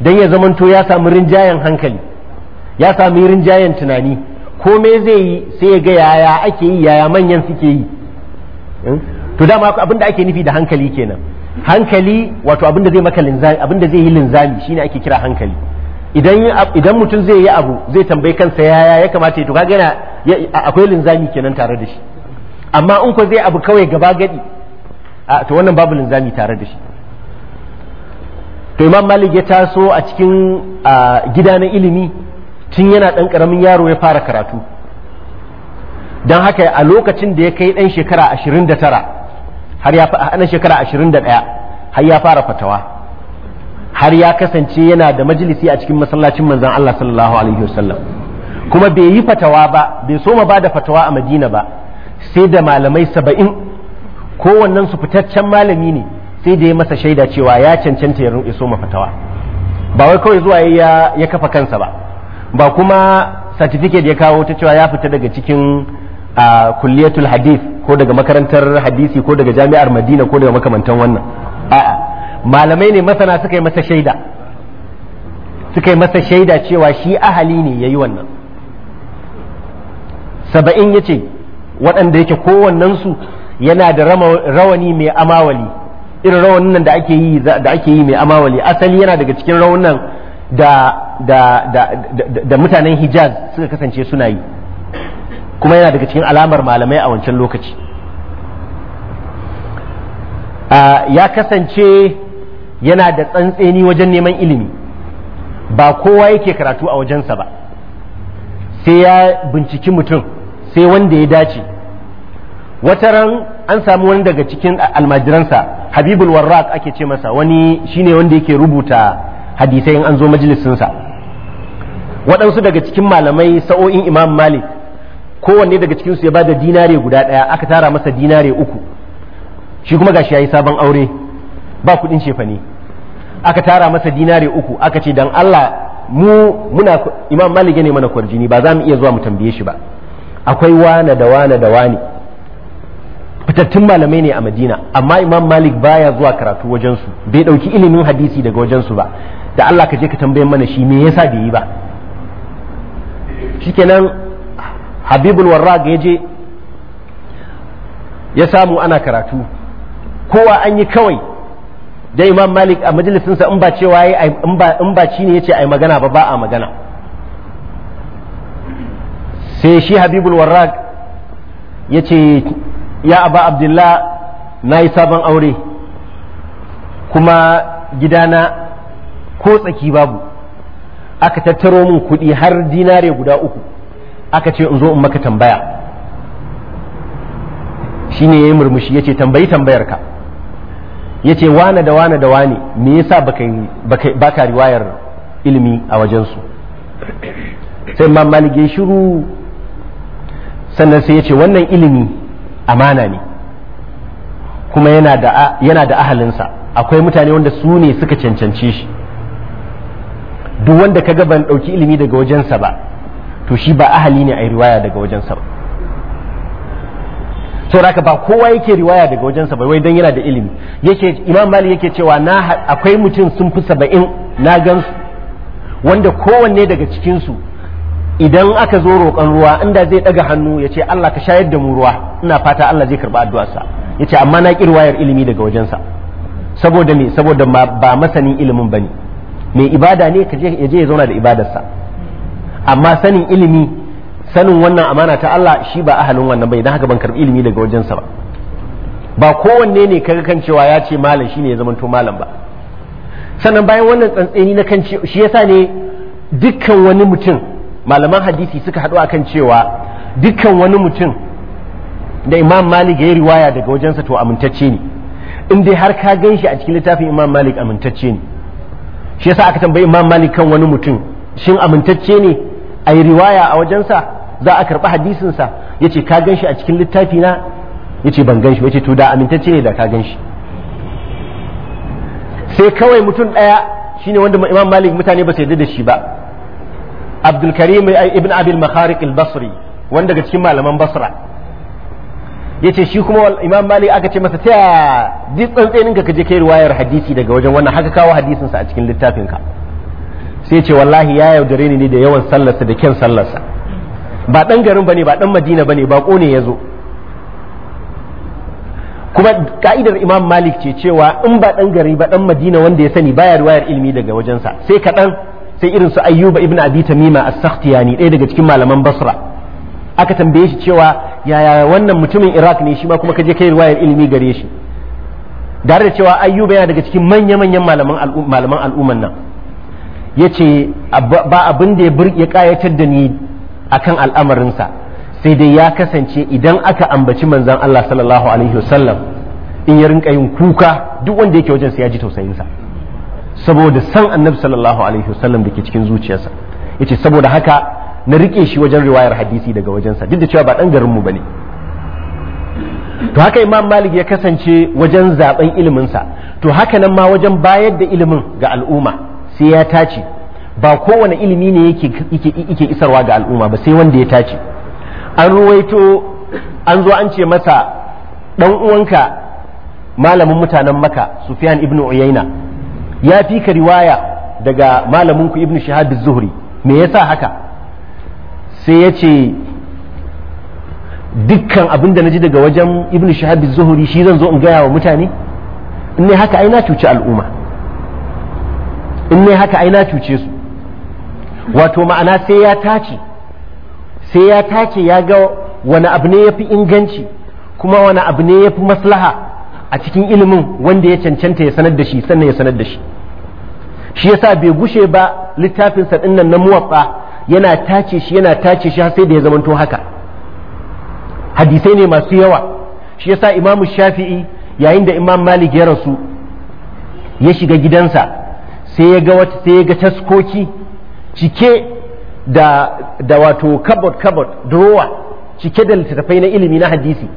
Speaker 1: don ya zamanto ya samu rinjayen hankali ya samu rinjayen tunani komai zai yi sai ya ga yaya ake yi yaya manyan suke yi hmm? to dama abin da ake nufi da hankali kenan hankali wato abin zai maka linzami abin zai yi linzami shine ake kira hankali idan idan mutum zai yi abu zai tambayi kansa yaya ya kamata to kaga yana akwai linzami kenan tare da shi amma in ko zai abu kawai gaba gadi to wannan babu linzami tare da shi to imam malik ya taso a cikin gida na ilimi tun yana ɗan karamin yaro ya fara karatu don haka a lokacin da ya kai ɗan shekara ashirin har ya ɗan shekara ashirin har ya fara fatawa har ya kasance yana da majalisi a cikin masallacin manzon Allah sallallahu alaihi wasallam kuma bai yi fatawa ba bai soma ba da fatawa a madina ba sai da malamai saba'in kowannen su fitaccen malami ne sai da ya masa shaida cewa ya cancanta ya iso mafatawa ba wai kawai zuwa ya ya kafa kansa ba ba kuma satifiket ya kawo ta cewa ya fita daga cikin kulliyatul hadith ko daga makarantar hadisi ko daga jami'ar madina ko daga makamantan wannan a'a malamai ne masana suka yi masa shaida suka yi masa shaida cewa shi ahali ne ya yi wannan saba'in ya ce waɗanda yake kowannensu yana da rawani mai amawali irin rawanin nan da ake yi mai amawali asali yana daga cikin rawunan da da mutanen Hijaz suka kasance suna yi kuma yana daga cikin alamar malamai a wancan lokaci ya kasance yana da tsantseni wajen neman ilimi ba kowa yake karatu a wajensa ba sai ya binciki mutum sai wanda ya dace wata ran an samu wani daga cikin almajiransa habibul warraq ake ce masa wani shine wanda yake rubuta hadisai in an zo majalisinsa waɗansu daga cikin malamai sa'o'in imam malik kowanne daga cikinsu ya bada dinare guda ɗaya aka tara masa dinare uku shi kuma gashi ya yi sabon aure ba kuɗin ne aka tara masa dinare uku aka ce dan allah mu muna imam malik ya ne mana kwarjini ba za mu iya zuwa mu tambaye shi ba akwai wane da wane da wane fitattun malamai ne a madina amma imam malik baya zuwa karatu wajensu bai ɗauki ilimin hadisi daga wajensu ba da allah ka je ka tambayan mana shi me yasa bai yi ba shikenan habibul warraq ya je ya samu ana karatu kowa an yi kawai da imam malik a majalisinsa in ba cewa in ba ci ne ya ce a magana ba ba a magana sai shi habibul warrag ya ce ya aba abdullah na yi sabon aure kuma gidana ko tsaki babu aka tattaro min kuɗi har dinare guda uku aka ce in zo in maka tambaya shi ne ya yi murmushi ya ce tambayi tambayar ka ya ce wane da wane da wane me yasa ba ka riwayar ilimi a wajensu sai ma malige shiru sannan sai ya ce wannan ilimi amana ne kuma yana da ahalinsa akwai mutane wanda su ne suka cancanci shi duk wanda kaga ban ɗauki ilimi daga wajensa ba to shi ba ahali ne a riwaya daga wajensa ba sauraka ba kowa yake riwaya daga wajensa ba wai don yana da ilimi yake imam mali yake cewa na akwai mutum sun fi saba'in na gansu wanda kowanne daga cikinsu idan aka zo roƙon ruwa inda zai ɗaga hannu ya ce Allah ka shayar da mu ruwa ina fata Allah zai karɓi addu'arsa ya ce amma na ƙi wayar ilimi daga wajensa saboda me saboda ba masanin ilimin bane mai ibada ne ka je ya zauna da ibadarsa amma sanin ilimi sanin wannan amana ta Allah shi ba ahalin wannan bai dan haka ban karɓi ilimi daga wajensa ba ba kowanne ne kaga kan cewa ya ce malam shine ya zamanto malam ba sannan bayan wannan tsantseni na kan shi yasa ne dukkan wani mutum malaman hadisi suka haɗu akan cewa dukkan wani mutum da imam malik ya yi riwaya daga wajensa to amintacce ne in dai har ka gan shi a cikin littafin imam malik amintacce ne shi yasa aka tambayi imam malik kan wani mutum shin amintacce ne a yi riwaya a wajensa za a karɓi hadisinsa ya ce ka gan shi a cikin littafi na ya ce ban gan shi ya ce to da amintacce ne da ka gan shi sai kawai mutum ɗaya shine wanda imam malik mutane ba su yarda da shi ba abdulkarim eh, ibn abil makharik al-basri wanda daga cikin malaman basra yace shi kuma imam malik aka ce masa ta duk tsantsenin ka kaje kai riwayar hadisi daga wajen wannan haka kawo sa a cikin ka sai ce wallahi ya yaudare ni ne da yawan sallarsa da kyan sallarsa ba dan garin bane ba dan madina bane ba kone ya zo kuma ka'idar imam malik ce cewa in ba dan gari ba dan madina wanda ya sani baya riwayar ilimi daga wajensa sai kaɗan sai irin su ayyuba ibn abi tamima as-sakhtiyani ɗaya daga cikin malaman basra aka tambaye shi cewa yaya wannan mutumin iraq ne shi ma kuma kaje kai riwayar ilimi gare shi dare da cewa ayyuba yana daga cikin manya-manyan malaman al'umman nan yace ce ba abin da ya kayatar da ni akan al'amarinsa sai dai ya kasance idan aka ambaci manzon Allah sallallahu alaihi wasallam in ya rinka yin kuka duk wanda yake wajen sai ya ji tausayin sa. saboda san annabi sallallahu alaihi wasallam da ke cikin zuciyarsa yace saboda haka na rike shi wajen riwayar hadisi daga wajensa duk da cewa ba dan garin mu bane to haka imam malik ya kasance wajen zaben ilimin sa to haka nan ma wajen bayar da ilimin ga al'umma sai ya tace ba kowane ilimi ne yake yake isarwa ga al'umma ba sai wanda ya tace an ruwaito an zo an ce masa dan uwanka malamin mutanen maka sufyan ibnu uyayna ya fi ka riwaya daga malaminku ibn shahab zuhri me yasa haka sai ya ce dukkan abin da na ji daga wajen ibn shahab zuhri shi zan zo in gaya wa mutane in ne haka ai na cuci al'umma in ne haka ai na cuce su wato ma'ana sai ya tace sai ya tace ya ga wani abu ne ya fi inganci kuma wani abu ne ya fi maslaha a cikin ilimin wanda ya cancanta ya sanar da shi sannan ya sanar da shi shi yasa bai gushe ba littafinsa dinnan na muwaffa yana tace shi yana tace shi har sai da ya zamanto haka hadisai ne masu yawa shi yasa imamu shafi'i yayin da imam malik ya rasu ya shiga gidansa sai ya ga wata sai ya ga taskoki cike da da wato cupboard cupboard drawer cike da littattafai na ilimi na hadisi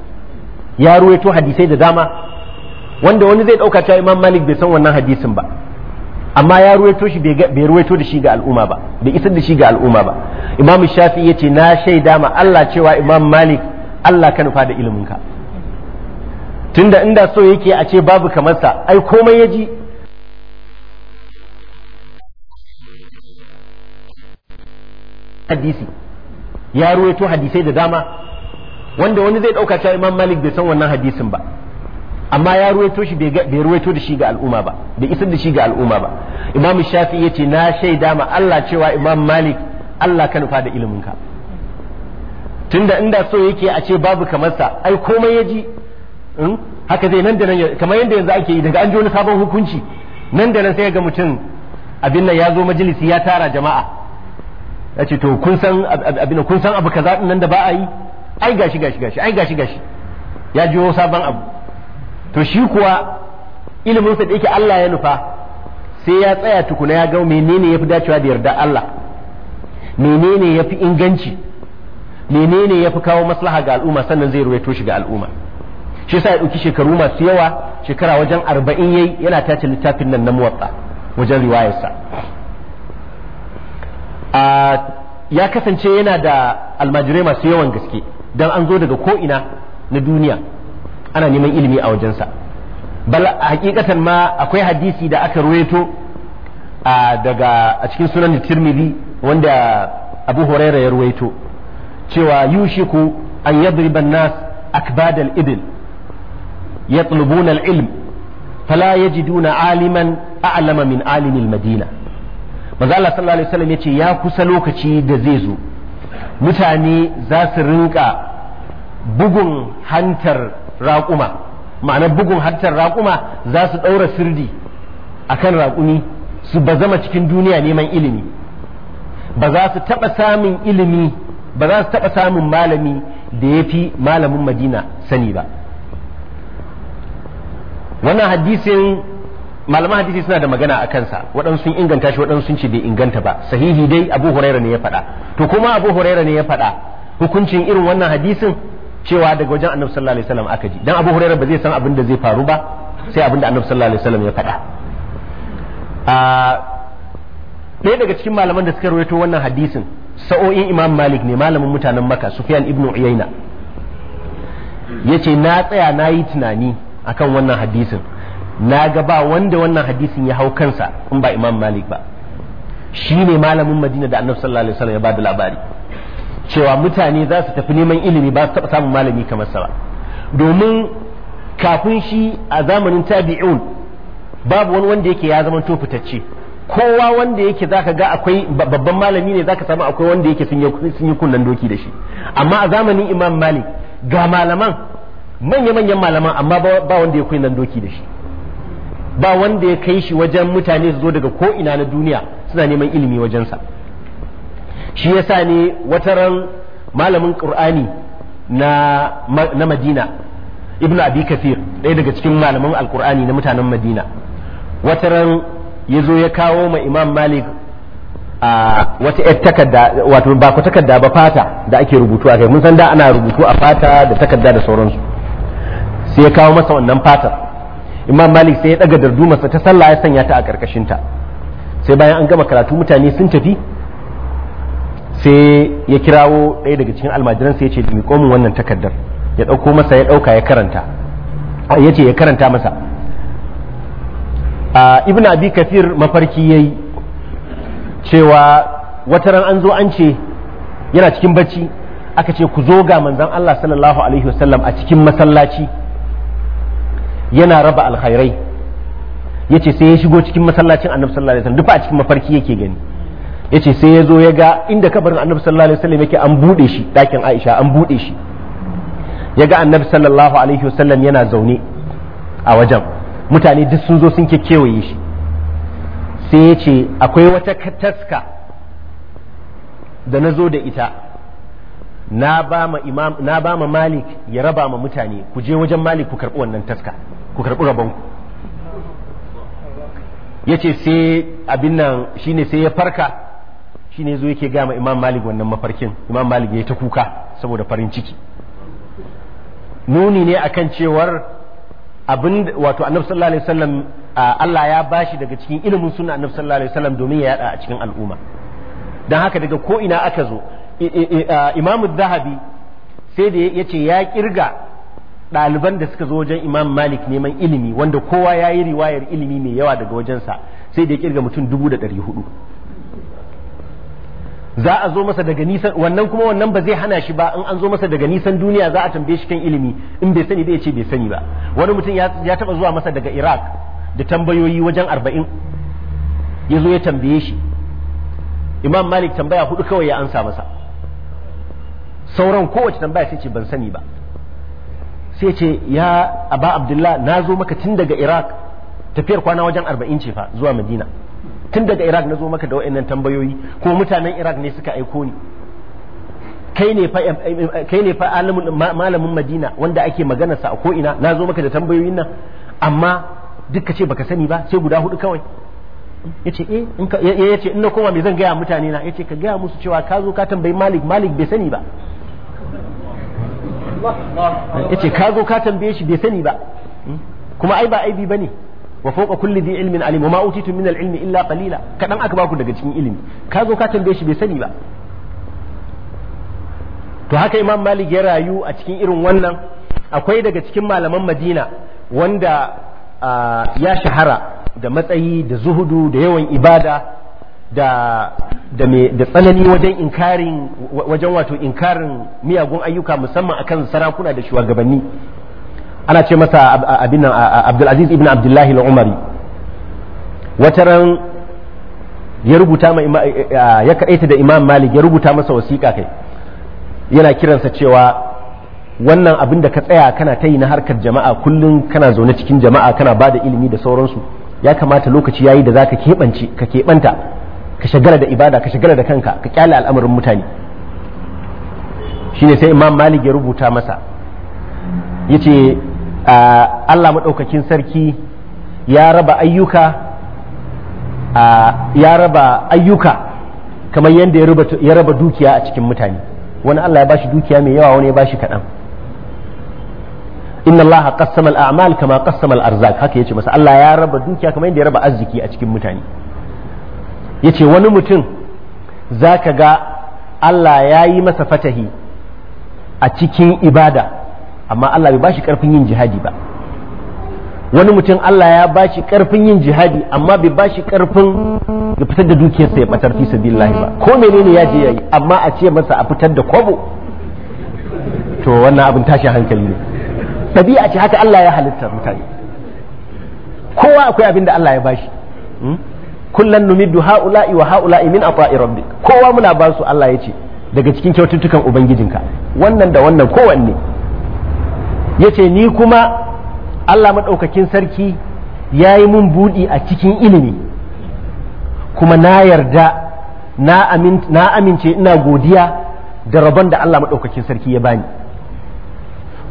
Speaker 1: ya ruwaito hadisai da dama wanda wani zai dauka ta imam malik bai san wannan hadisin ba amma ya ruwaito shi bai ruwaito da shi ga al'umma ba bai isar da shi ga al'umma ba imam shafi ya ce na shaida ma Allah cewa imam malik Allah ka nufa da ka tunda inda so yake a ce babu kamar sa ai komai ya ji hadisi ya ruwaito hadisai da dama wanda wani zai dauka cewa imam malik bai san wannan hadisin ba amma ya ruwaito shi bai ruwaito da shi ga al'umma ba bai isar da shi ga al'umma ba imam shafi ya ce na shaida ma Allah cewa imam malik Allah ka nufa da ilimin ka tunda inda so yake a ce babu kamar sa ai komai ya ji hmm? haka zai nan da nan kamar yadda yanzu ake yi daga an ji wani sabon hukunci nan da nan sai ga mutum abin nan ya zo majalisi ya tara jama'a ya ce to kun san abin kun san abu kaza nan da ba a yi ai gashi gashi gashi ai gashi gashi ya jiwo sabon abu to shi kuwa ilimin sa da yake Allah ya nufa sai ya tsaya tukuna ya ga menene yafi dacewa da yarda Allah menene yafi inganci menene yafi kawo maslaha ga al'umma sannan zai ruwaito shi ga al'umma shi yasa ya dauki shekaru masu yawa shekara wajen arba'in yayi yana tace littafin nan na muwatta wajen riwayarsa a ya kasance yana da almajirai masu yawan gaske dan an zo daga ko ina na duniya ana neman ilimi a wajensa bal hakikatan ma akwai hadisi da aka ruweto daga a cikin sunan tirmidhi wanda abu huraira ya ruwaito cewa yushiku an yadriban nas akbad ibil yatlubuna al-ilm fala yajiduna aliman a'lama min alimil madina manzo Allah sallallahu alaihi wasallam yace ya kusa lokaci da zai zo mutane za su rinka bugun hantar raƙuma ma'ana bugun hartar raƙuma za su ɗaura sirdi a kan raƙumi su ba zama cikin duniya neman ilimi ba za su taɓa samun ilimi ba za su taɓa samun malami da ya fi malamin madina sani ba wannan hadisin malaman hadisi suna da magana a kansa waɗansu sun inganta shi waɗansu sun ce bai inganta ba sahihi dai abu huraira ne ya faɗa to kuma abu huraira ne ya faɗa hukuncin irin wannan hadisin cewa daga wajen annabi sallallahu alaihi wasallam aka ji dan abu hurairah ba zai san abin da zai faru ba sai abin da annabi sallallahu alaihi wasallam ya faɗa ah, ɗaya daga cikin malaman da suka rawaito wannan hadisin sa'o'in imam malik ne malamin mutanen maka sufyan ibn Ya yace na tsaya na yi tunani akan wannan hadisin na ga ba wanda wannan hadisin ya hau kansa in ba imam malik ba shi ne malamin madina da annabi sallallahu alaihi wasallam ya ba da labari cewa mutane za su tafi neman ilimi ba su taɓa samun malami kamar sa ba domin kafin shi a zamanin tabi'un babu wani wanda yake ya zama to fitacce kowa wanda yake zaka ga akwai babban malami ne zaka samu akwai wanda yake sun yi kunnan doki da shi amma a zamanin imam malik ga malaman manya-manyan malaman amma ba wanda ya kunnan doki da shi ba wanda ya kai shi wajen mutane su zo daga ko ina na duniya suna neman ilimi wajensa shi yasa ne wataran malamin qur'ani na madina ibnu abi kafir ɗaya daga cikin malaman alqur'ani na mutanen madina wataran ya zo ya kawo ma imam malik a wata yar takarda wato ba ku takarda ba fata da ake rubutu a kai mun san da ana rubutu a fata da takarda da sauransu sai ya kawo masa wannan fatar imam malik sai ya daga dardumarsa ta sallah ya sanya ta a karkashinta sai bayan an gama karatu mutane sun tafi sai ya kirawo ɗaya daga cikin almajiran sai ya ce mai komin wannan takardar ya ɗauko masa ya ɗauka ya karanta ya ce ya karanta masa ibn abi kafir mafarki ya yi cewa wata ran an zo an ce yana cikin bacci aka ce ku zo ga manzan Allah sallallahu alaihi wasallam a cikin masallaci yana raba alkhairai ya ce sai ya shigo cikin masallacin annabi sallallahu alaihi wasallam duk a cikin mafarki yake gani yace sai ya zo ya ga inda kabarin annabi sallallahu alaihi wasallam yake an bude shi dakin aisha an bude shi ya ga annabi sallallahu alaihi wasallam yana zaune a wajen mutane duk sun zo sun kewaye shi sai ya ce akwai wata taska da na zo da ita na ba ma malik ya raba ma mutane ku je wajen malik ku karɓi wannan taska ku karɓi rabonku ya ce sai abin nan shine sai ya farka ne zo yake gama imam malik wannan mafarkin imam malik ya ta kuka saboda farin ciki nuni ne akan cewar abin wato annabi sallallahu alaihi wasallam Allah ya bashi daga cikin ilimin suna annabi sallallahu alaihi wasallam domin ya yada a cikin al'umma dan haka daga ko'ina aka zo imamu zahabi sai da ya ce ya kirga ɗaliban da suka zo wajen imam malik neman ilimi wanda kowa ya yi riwayar ilimi mai yawa daga wajensa sai da ya kirga mutum dubu da ɗari hudu za a zo masa daga nisan wannan kuma wannan ba zai hana shi ba in an zo masa daga nisan duniya za a tambaye shi kan ilimi in bai sani ba ya ce bai sani ba wani mutum ya taba zuwa masa daga iraq da tambayoyi wajen arba'in ya zo ya tambaye shi imam malik tambaya hudu kawai ya ansa masa sauran kowace tambaya sai ce ban sani ba sai ce ya aba abdullah na zo maka tun daga iraq tafiyar kwana wajen arba'in ce fa zuwa madina tun daga iraq na zo maka da wa'annan tambayoyi ko mutanen iraq ne suka aiko ni kai ne fa kai ne fa malamin madina wanda ake magana sa a ko ina na zo maka da tambayoyin nan amma duk ka ce baka sani ba sai guda hudu kawai yace eh in na koma mai zan gaya mutane na yace ka gaya musu cewa ka zo ka tambayi malik malik bai sani ba yace ka zo ka tambaye shi bai sani ba hmm? kuma ai ba aibi ba ne. wa fawqa kulli dhi ilmin alim wa ma utitu min al-ilmi illa qalila kadan aka baku daga cikin ilimi ka zo ka tambaye shi bai sani ba to haka imam malik ya rayu a cikin irin wannan akwai daga cikin malaman madina wanda ya shahara da matsayi da zuhudu da yawan ibada da da tsanani wajen inkarin wajen wato inkarin miyagun ayyuka musamman akan sarakuna da shugabanni ana ce masa abin nan abdulaziz ibn abdullahi al-umari ran ya rubuta ma eh, eh, ah, ya kaita da imam malik ya rubuta masa wasiƙa kai yana kiransa cewa wannan abin da ka tsaya kana ta yi na harkar jama'a kullum kana zaune cikin jama'a kana ba da ilimi da sauransu ya kamata lokaci yayi da zaka keɓance ka keɓanta ka shagala da ibada ka shagala da kanka ka kyale al'amarin mutane shine sai imam malik ya rubuta masa yace Allah maɗaukakin sarki ya raba ayyuka ya raba ayyuka kamar yadda ya raba dukiya a cikin mutane wani Allah ya bashi dukiya mai yawa wani ya bashi kaɗan inna Allah qassama al-a'mal kama qassama al-arzaq haka yace masa Allah ya raba dukiya kamar yadda ya raba arziki a cikin mutane yace wani mutum zaka ga Allah ya yi masa fatahi a cikin ibada amma Allah bai bashi karfin yin jihadi ba wani mutum Allah ya bashi karfin yin jihadi amma bai bashi karfin ya fitar da dukiyarsa ya batar fi sabilillahi ba ko menene ya je yayi amma a ce masa a fitar da kwabo to wannan abin tashi hankali ne ɗabi'a ce haka Allah ya halitta mutane kowa akwai abin da Allah ya bashi hmm? kullan numiddu ha'ula'i wa ha'ula'i min ata'i rabbik kowa muna ba su Allah ya ce daga cikin kyaututtukan ubangijinka wannan da wannan kowanne yace ni kuma Allah maɗaukakin sarki ya yi mun buɗi a cikin ilimi kuma na yarda na amince ina godiya da rabon da Allah maɗaukakin sarki ya bani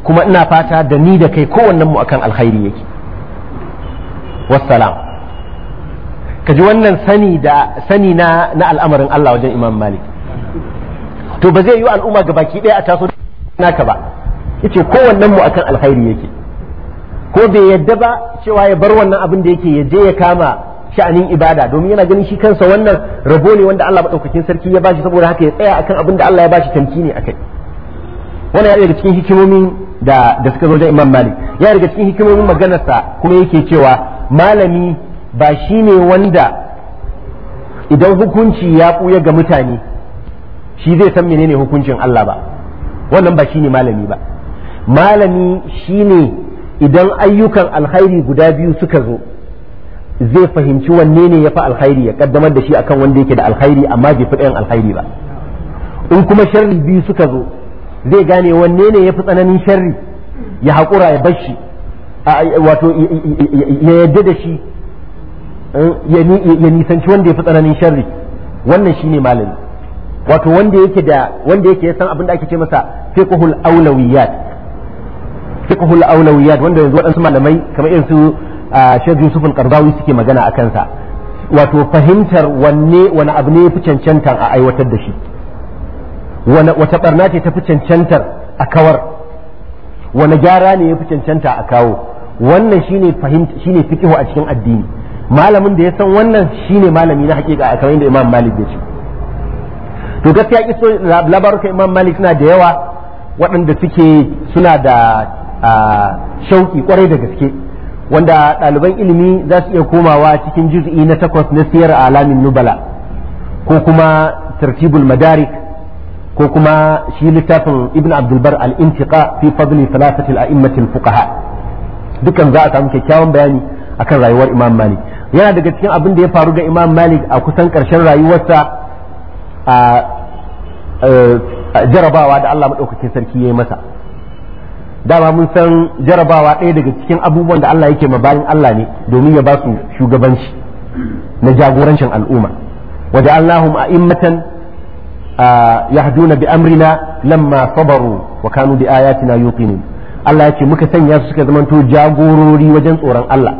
Speaker 1: kuma ina fata da ni da kai kowannenmu akan alkhairi yake wassalam ka ji wannan sani da sani na na al'amarin Allah wajen Imam Malik to ba zai yi al'umma ga baki ɗaya a taso naka ba yace kowannen mu akan alkhairi yake ko bai yadda ba cewa ya bar wannan abin da yake ya je ya kama sha'anin ibada domin yana ganin shi kansa wannan rabo ne wanda Allah madaukakin sarki ya bashi saboda haka ya tsaya akan abin da Allah ya bashi ne akai wannan ya daga cikin hikimomin da da suka zo da Imam Malik ya daga cikin hikimomin maganarsa kuma yake cewa malami ba shine wanda idan hukunci ya buya ga mutane shi zai san menene hukuncin Allah ba wannan ba shine malami ba malami shi ne idan ayyukan alkhairi guda biyu suka zo zai fahimci wanne ne ya fi alkhairi ya kaddamar da shi akan wanda yake da alkhairi amma bai fi ɗayan alkhairi ba in kuma sharri biyu suka zo zai gane wanne ne ya fi tsananin sharri ya haƙura ya bashi wato ya yadda da shi eh, ya nisanci wanda ya fi tsananin sharri wannan shi ne malami wato wanda yake da wanda yake san abin da ake ce masa fiqhul aulawiyat fiqhul awlawiyat wanda yanzu waɗansu malamai kamar irin su Sheikh Yusuf al-Qardawi suke magana a kansa wato fahimtar wanne wani abu ne fi cancantar a aiwatar da shi wata barna ce ta fi cancantar a kawar wani gyara ne ya fi cancanta a kawo wannan shine fahimta shine fiqhu a cikin addini malamin da ya san wannan shine malami na hakika a kamar yadda Imam Malik ya ce to gaskiya kiso labarukan Imam Malik na da yawa waɗanda suke suna da A shauki kwarai da gaske wanda ɗaliban ilimi za su iya komawa cikin juz'i na takwas na siyar alamin nubala ko kuma tartibul madarik ko kuma shi littafin ibn abdulbar al-intiqa fi fadli salasati al-a'immatil fuqaha dukan za a samu kyakkyawan bayani akan rayuwar imam malik yana daga cikin abin da ya faru ga imam malik a kusan karshen rayuwarsa a jarabawa da allah maɗaukakin sarki ya yi masa dama mun san jarabawa ɗaya daga cikin abubuwan da Allah yake ma bayan Allah ne domin ya ba su shugabanci na jagorancin al'umma waje Allahum a immatan yahduna bi amrina lamma sabaru wa kanu bi ayatina yuqinun Allah ya ce muka sanya su suka zamanto jagorori wajen tsoron Allah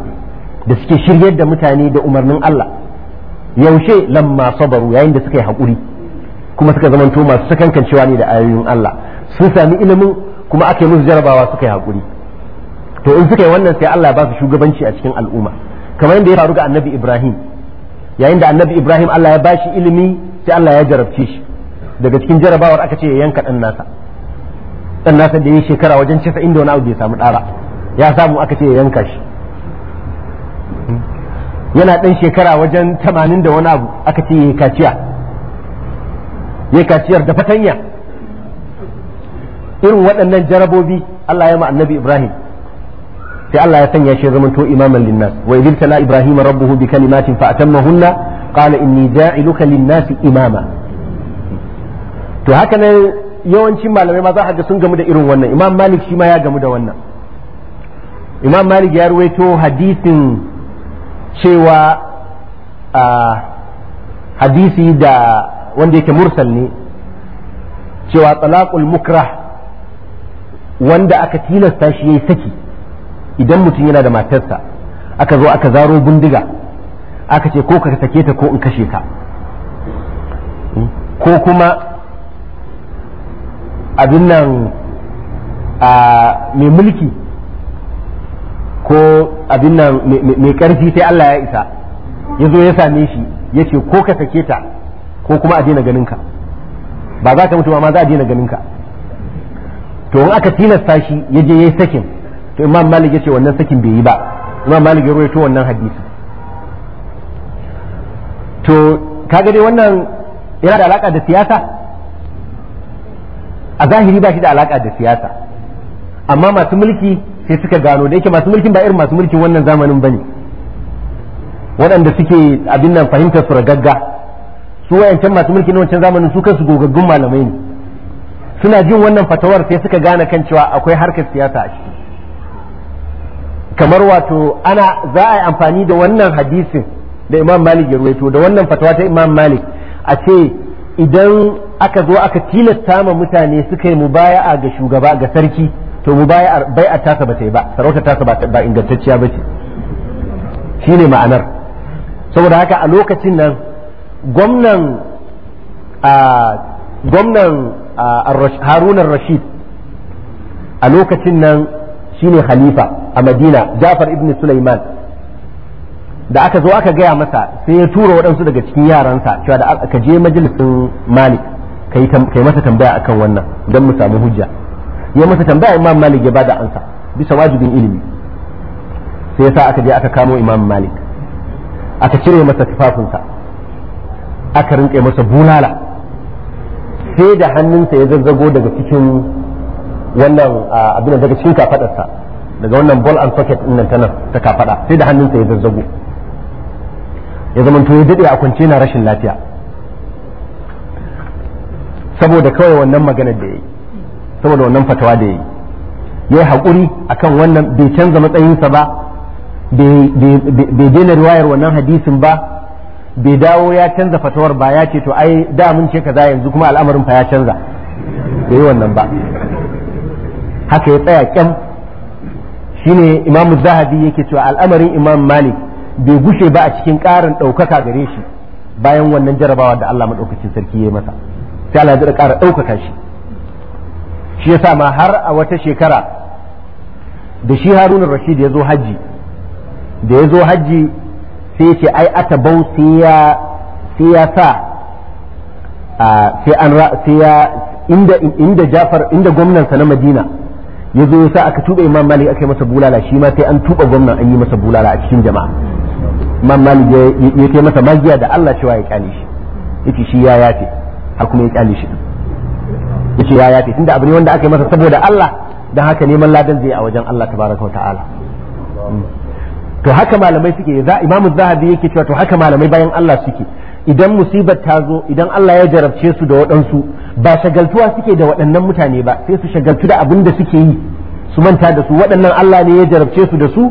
Speaker 1: da suke shiryar da mutane da umarnin Allah yaushe lamma sabaru yayin da suka yi haƙuri kuma suka zamanto masu sakankancewa ne da ayoyin Allah sun sami ilimin kuma ake musu jarabawa suka yi hakuri to in suka yi wannan sai Allah ya ba su shugabanci a cikin al'umma kamar yadda ya faru ga annabi Ibrahim yayin da annabi Ibrahim Allah ya bashi ilimi sai Allah ya jarabce shi daga cikin jarabawar aka ce ya yanka dan nasa dan nasa da ya shekara wajen 90 inda wani abu bai samu dara ya samu aka ce ya yanka shi yana dan shekara wajen 80 da wani abu aka ce ya kaciya ya kaciyar da fatanya irin waɗannan jarabobi Allah ya ma annabi Ibrahim sai Allah ya sanya shi to imaman linnas wa idil tala Ibrahim rabbuhu bi kalimatin fa atammahunna qala inni ja'iluka linnasi imama to haka ne yawancin malamai ma za ka ga sun gamu da irin wannan Imam Malik shi ma ya gamu da wannan Imam Malik ya ruwaito hadisin cewa hadisi da wanda yake mursal ne cewa talaqul mukrah wanda aka tilasta shi yayi saki idan mutum yana da matarsa aka zo aka zaro bindiga aka ce ko ka sake ta ko in kashe ka hmm? ko kuma abin nan a mai mulki ko abin nan mai karfi sai Allah ya isa ya zo ya same shi ya ce ko ka sake ta ko kuma a daina ganinka ba za ka mutu ma za a daina ganinka to in aka tilasta shi ya je yayi sakin to imam malik ya ce wannan sakin bai yi ba imam malik ya rawaito wannan hadisi to kaga dai wannan yana da alaka da siyasa a zahiri ba shi da alaka da siyasa amma masu mulki sai suka gano da yake masu mulkin ba irin masu mulkin wannan zamanin bane waɗanda suke abin nan fahimtar su ragagga su wayancan masu mulki na wancan zamanin su kansu gogaggun malamai ne suna jin wannan fatawar sai suka gane kan cewa akwai harkar siyasa a ciki kamar wato ana za a yi amfani da wannan hadisin da imam malik ya ruwaito da wannan fatawa ta imam malik a ce idan aka zo aka tilasta ma mutane suka yi mubaya'a ga shugaba ga sarki to mubaya'ar a tasa ba sai ba sarauta tasa ba ingantacciya ba ce shine ma'anar saboda haka a lokacin nan gwamnan Harunan rashid a lokacin nan shine khalifa a madina jafar ibn sulaiman da aka zo aka gaya masa sai ya tura waɗansu daga cikin yaransa cewa da aka je majalisin malik kai masa tambaya akan wannan don mu samu hujja ya masa tambaya imam malik ya ba da ansa bisa wajibin ilimi sai ya sa aka je aka kamo imam malik aka cire masa tufafinsa aka rinƙe masa bulala sai da hannunsa ya zazzago daga cikin wannan abin daga cikin kafadarsa daga wannan ball and socket din nan ta nan ta kafada sai da hannunsa ya zazzago ya zama to ya dade a kwance na rashin lafiya saboda kawai wannan maganar da yayi saboda wannan fatawa da yayi yayi hakuri akan wannan bai canza matsayinsa ba bai daina riwayar wannan hadisin ba bai dawo ya canza fatawar ba ya ce to ai da mun ce kaza yanzu kuma al'amarin fa ya canza bai wannan ba haka ya tsaya kyan shine imamu zahabi yake cewa al'amarin imam malik bai gushe ba a cikin ƙarin ɗaukaka gare shi bayan wannan jarabawa da Allah maɗaukacin sarki ya masa sai Allah ya ƙara ɗaukaka shi shi yasa ma har a wata shekara da shi Haruna Rashid ya zo hajji da ya zo hajji sai ce ai ata ba'u sai ya sa sai an sai ya inda inda Jafar inda gwamnansa na Madina ya zo ya sa aka tuba Imam Malik aka yi masa bulala shi ma sai an tuba gwamnan an yi masa bulala a cikin jama'a Imam Malik ya kai masa magiya da Allah cewa ya kyale shi yace shi ya yafe har kuma ya kyale shi yace ya yafe tunda abu ne wanda aka yi masa saboda Allah dan haka neman ladan zai a wajen Allah tabaraka wa ta'ala hmm. to haka malamai suke za imam zahabi yake cewa to haka malamai bayan Allah suke idan musibar ta zo idan Allah ya jarabce su da waɗansu ba shagaltuwa suke da waɗannan mutane ba sai su shagaltu da abin da suke yi su manta da su waɗannan Allah ne ya jarabce su da su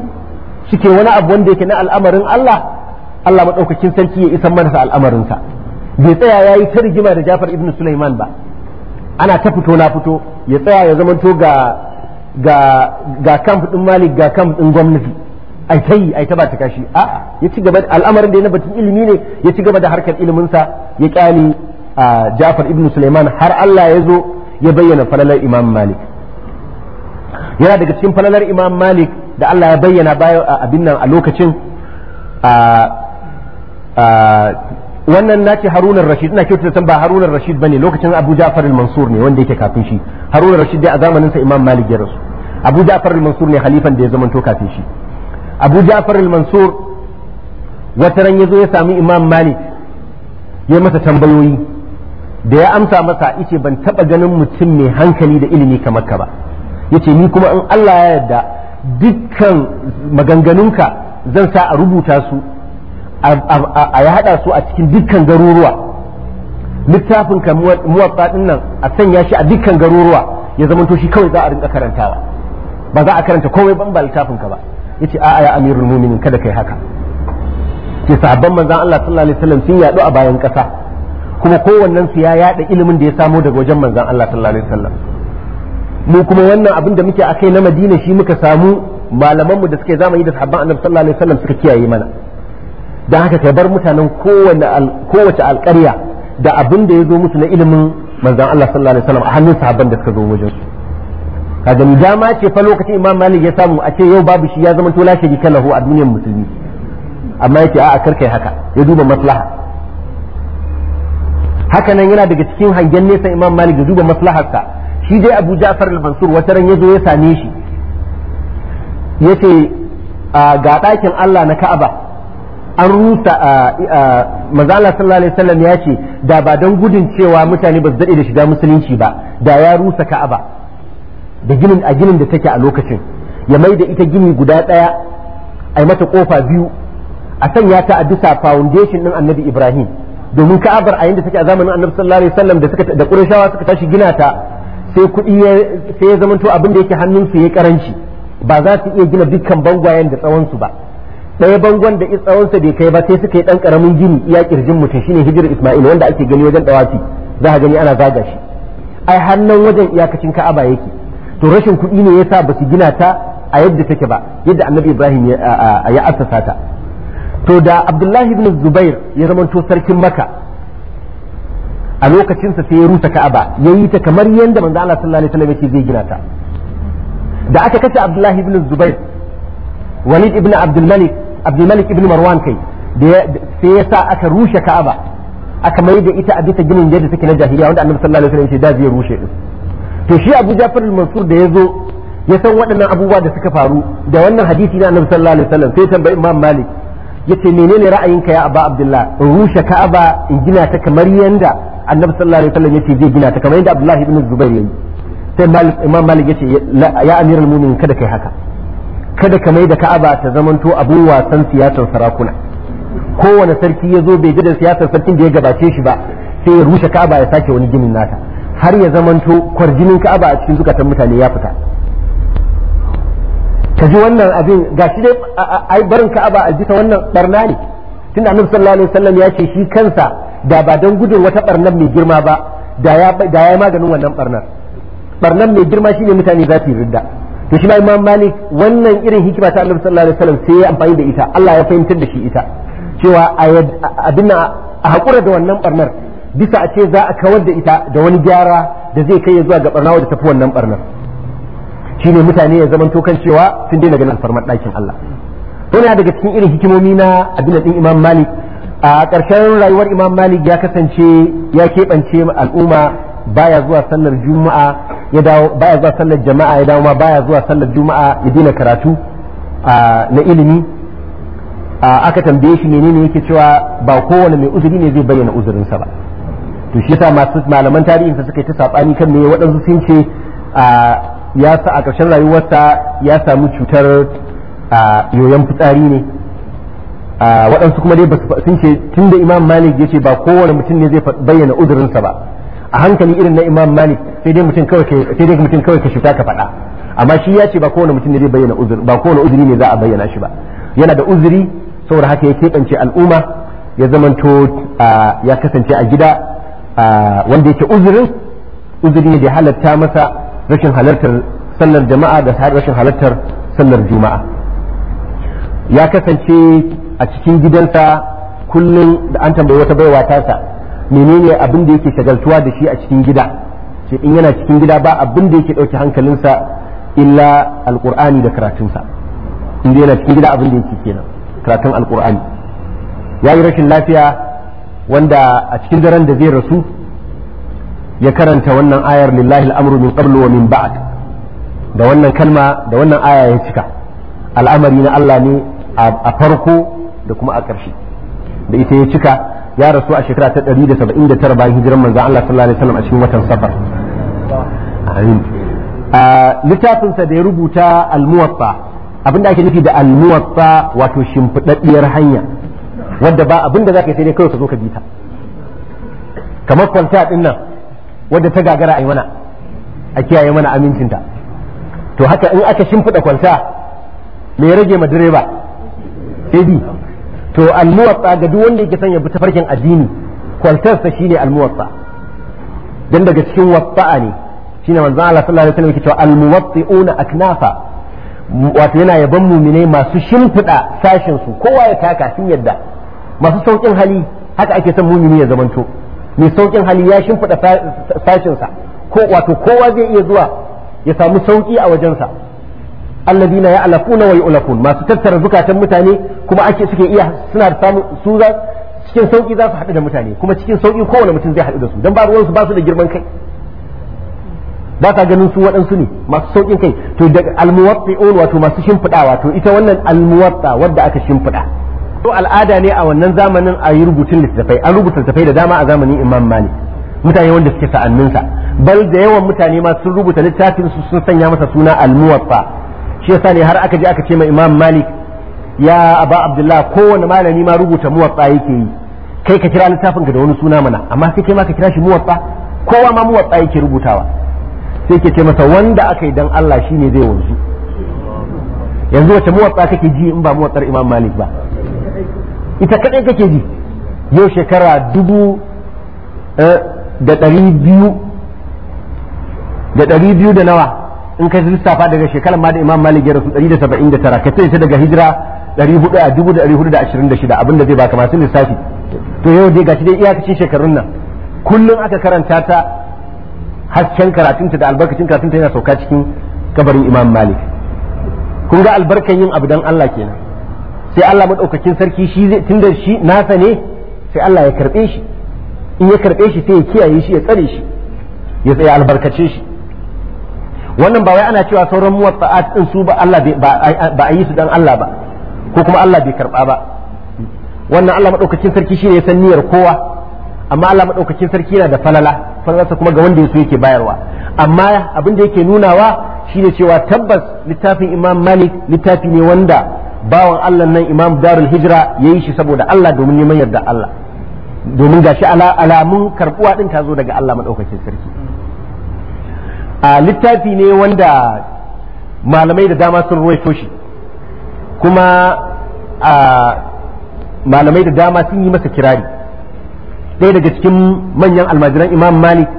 Speaker 1: suke wani abu wanda yake na al'amarin Allah Allah maɗaukakin sarki ya isan manasa al'amarinsa bai tsaya ya yi ta rigima da Jafar ibn Sulaiman ba ana ta fito na fito ya tsaya ya zamanto ga ga ga kamf ɗin Malik ga kamf ɗin gwamnati ai ta yi ai ta ba ta kashi a ya ci gaba al'amarin da ya batun ilimi ne ya ci gaba da harkar iliminsa ya kyale Ja'far ibn Sulaiman har Allah ya zo ya bayyana falalar Imam Malik yana daga cikin falalar Imam Malik da Allah ya bayyana bayan abin nan a lokacin wannan na ce harunan rashid ina kyautata san ba harunan rashid bane lokacin abu ja'far al-mansur ne wanda yake kafin shi harunan rashid dai a zamanin sa imam malik ya rasu abu ja'far al-mansur ne halifan da ya zama to kafin shi abu ja'far al-mansur wata ran yazo ya sami imam malik ya masa tambayoyi da ya amsa masa yace ban taba ganin mutum mai hankali da ilimi kamar ka ba yace ni kuma in Allah ya yarda dukkan maganganunka zan sa a rubuta su a ya hada su a cikin dukkan garuruwa littafin ka muwatsa nan a sanya shi a dukkan garuruwa ya zamanto shi kawai za a rinka karantawa ba za a karanta komai ban ba littafin ka ba yace a'a ya amirul mu'minin kada kai haka ce sahabban manzon Allah sallallahu alaihi wasallam sun yadu a bayan kasa kuma kowannen su ya yada ilimin da ya samo daga wajen manzon Allah sallallahu alaihi wasallam mu kuma wannan abin da muke akai na Madina shi muka samu malaman mu da suke zamani da sahabban Annabi sallallahu alaihi wasallam suka kiyaye mana dan haka kai bar mutanen kowanne kowace alƙarya da abin da ya zo musu na ilimin manzon Allah sallallahu alaihi wasallam a hannun sahabban da suka zo wajen su ka gani dama ce fa lokacin imam malik ya samu a ce yau babu shi ya zama to lashe gi kalahu a duniyar musulmi amma yace a'a kar haka ya duba maslaha haka nan yana daga cikin hangen nesa imam malik ya duba maslaharsa shi dai abu ja'far al-mansur wata ran yazo ya same shi yace ga dakin Allah na Ka'aba an rusa manzo sallallahu alaihi wasallam ya ce da ba don gudun cewa mutane ba su daɗe da shiga musulunci ba da ya rusa Ka'aba da ginin a ginin da take a lokacin ya mai da ita gini guda ɗaya a mata kofa biyu a sanya ta a bisa foundation ɗin annabi ibrahim domin ka'abar a yadda take a zamanin annabi sallallahu alaihi wasallam da suka da qurayshawa suka tashi gina ta sai kuɗi sai ya zamanto abin da yake hannun su yayi karanci ba za su iya gina dukkan bangwayen da tsawon su ba ɗaya bangon da tsawon sa bai kai ba sai suka yi dan karamin gini iya kirjin mutum shine hijirar isma'il wanda ake gani wajen dawafi za ka gani ana zaga shi ai hannun wajen iyakacin ka'aba yake to rashin kuɗi ne yasa ba su gina ta a yadda take ba yadda annabi ibrahim ya assasa ta to da abdullahi ibn zubair ya zamanto sarkin maka a lokacinsa sai ya rusa ka'aba ya yi ta kamar yadda manzo Allah sallallahu alaihi wasallam yake zai gina ta da aka kace abdullahi ibn zubair walid ibn abdul malik abdul malik ibn marwan kai sai ya sa aka rushe ka'aba aka mai da ita a bisa ginin yadda take na jahiliya wanda annabi sallallahu alaihi wasallam ya ce da zai rushe din to shi abu jafar al-mansur da ya zo ya san waɗannan abubuwa da suka faru da wannan hadisi na annabi sallallahu alaihi wasallam sai tambayi imam malik yace menene ra'ayinka ya aba abdullah in rushe ka'aba in gina ta kamar yanda annabi sallallahu alaihi wasallam yace zai gina ta kamar yanda abdullahi ibn zubair yayi sai malik imam malik yace ya amirul mu'minin kada kai haka kada ka maida da ka'aba ta zamanto abin wasan siyasar sarakuna kowane sarki ya zo bai gidan da siyasar sarkin da ya gabace shi ba sai ya rushe ka'aba ya sake wani ginin nata har ya zamanto kwarjinin ka'aba a cikin zukatan mutane ya fita ka ji wannan abin ga shi dai ai barin ka'aba a jita wannan barna ne tunda annabi sallallahu alaihi wasallam ya ce shi kansa da ba don gudun wata barnar mai girma ba da ya da ya maganin wannan barnar barnar mai girma shine mutane za su yi ridda to shi ma imam malik wannan irin hikima ta annabi sallallahu alaihi wasallam sai ya amfani da ita Allah ya fahimtar da shi ita cewa abin a hakura da wannan barnar bisa a ce za a kawar da ita da wani gyara da zai kai ya zuwa ga barna wadda tafi wannan barnar ne mutane ya zaman to kan cewa sun daina ganin alfarmar ɗakin Allah to ne daga cikin irin hikimomi na abin din Imam Malik a ƙarshen rayuwar Imam Malik ya kasance ya keɓance al'umma baya zuwa sallar juma'a ya dawo baya zuwa sallar jama'a ya dawo ma baya zuwa sallar juma'a ya daina karatu na ilimi aka tambaye shi menene yake cewa ba kowane mai uzuri ne zai bayyana uzurinsa ba to shi yasa masu malaman tarihin sa suka yi ta sabani kan me waɗansu sun ce ya sa a ƙarshen rayuwarsa ya samu cutar yoyon fitsari ne waɗansu kuma dai sun ce tunda imam malik ya ce ba kowane mutum ne zai bayyana uzurinsa ba a hankali irin na imam malik sai dai mutum kawai sai dai mutum kawai ka shuta ka faɗa amma shi ya ce ba kowane mutum ne zai bayyana uzuri ba kowane uzuri ne za a bayyana shi ba yana da uzuri saboda haka ya keɓance al'umma ya zamanto ya kasance a gida wanda yake uzurin uzuri da halatta masa rashin halartar sallar jama'a da rashin halartar sallar juma'a ya kasance a cikin gidansa kullum da an tambayi wata baiwa tasa menene abin da yake shagaltuwa da shi a cikin gida ce in yana cikin gida ba abin da yake ɗauki hankalinsa illa alƙur'ani da karatunsa in yana cikin gida abin da yake kenan karatun alƙur'ani ya yi rashin lafiya wanda a cikin daren da zai rasu ya karanta wannan ayar lillahi al'amru min qablu wa min ba'd da wannan kalma da wannan aya ya cika al'amari na Allah ne a farko da kuma a ƙarshe da ita ya cika ya rasu a shekara ta 179 bayan hijiran manzon Allah sallallahu alaihi wasallam a cikin watan safar amin littafinsa da ya rubuta al-muwatta abinda ake nufi da al-muwatta wato shimfidaddiyar hanya wadda ba abin da zaka yi sai dai kawai ka zo ka bi ta kamar kwanta din nan wadda ta gagara a yi mana a kiyaye mana amincinta to haka in aka shimfiɗa kwanta mai rage ma direba sai bi to almuwatsa ga duk wanda yake sanya ya bi tafarkin addini kwaltarsa shine almuwatsa dan daga cikin wasa'a ne shine manzo Allah sallallahu alaihi wasallam yake cewa almuwatti'una aknafa wato yana yaban muminai masu shimfiɗa sashin su kowa ya taka sun yadda masu saukin hali haka ake son mumini ya zamanto mai saukin hali ya shimfiɗa sashinsa ko wato kowa zai iya zuwa ya samu sauki a wajensa alladina alafuna wa yu'lafun masu tattara zukatan mutane kuma ake suke iya suna samu su za cikin sauki za su haɗu da mutane kuma cikin sauki kowane mutum zai haɗu da su dan ba ruwansu ba su da girman kai ba ta ganin su waɗansu ne masu sauƙin kai to da almuwatti'un wato masu shimfiɗa wato ita wannan almuwatta wadda aka shimfiɗa to al'ada ne a wannan zamanin a yi rubutun littattafai an rubuta littattafai da dama a zamanin imam malik mutane wanda suke sa bal da yawan mutane ma sun rubuta littafin su sun sanya masa suna al-muwaffa shi yasa ne har aka je aka ce ma imam malik ya aba abdullah kowane malami ma rubuta muwaffa yake yi kai ka kira littafin ka da wani suna mana amma sai kai ma ka kira shi muwaffa kowa ma muwaffa yake rubutawa sai ke ce masa wanda aka yi dan Allah shine zai wanzu yanzu wace muwaffa kake ji in ba muwaffar imam malik ba ita kadai kake ji yau shekara dubu eh, da ɗari biyu da ɗari biyu da nawa in ka lissafa daga shekarar ma da imam malik ya rasu ɗari da saba'in da tara ka ce ta daga hijira ɗari hudu a dubu da ɗari hudu da ashirin da shida abinda zai baka masu lissafi to yau dai gashi dai iyakacin shekarun nan kullum aka karanta ta hasken karatunta da albarkacin karatunta yana sauka cikin kabarin imam malik kun ga albarkan yin abu dan Allah kenan sai Allah madaukakin sarki shi zai tunda shi nasa ne sai Allah ya karbe shi in ya karɓe shi sai ya kiyaye shi ya tsare shi ya tsaya albarkace shi wannan ba wai ana cewa sauran muwatta'at din su ba Allah ba a yi su dan Allah ba ko kuma Allah bai karba ba wannan Allah madaukakin sarki shi ne ya san niyyar kowa amma Allah madaukakin sarki yana da falala falalarsa kuma ga wanda yaso yake bayarwa amma abin da yake nunawa shine cewa tabbas littafin Imam Malik littafi ne wanda bawan Allah nan imam darul hijira ya yi shi saboda Allah domin neman yarda Allah domin gashi alamun karbuwa din ta zo daga Allah madaukakin sarki a littafi ne wanda malamai da dama sun ruwaito shi kuma a malamai da dama sun yi masa kirari ɗaya daga cikin manyan almajiran imam malik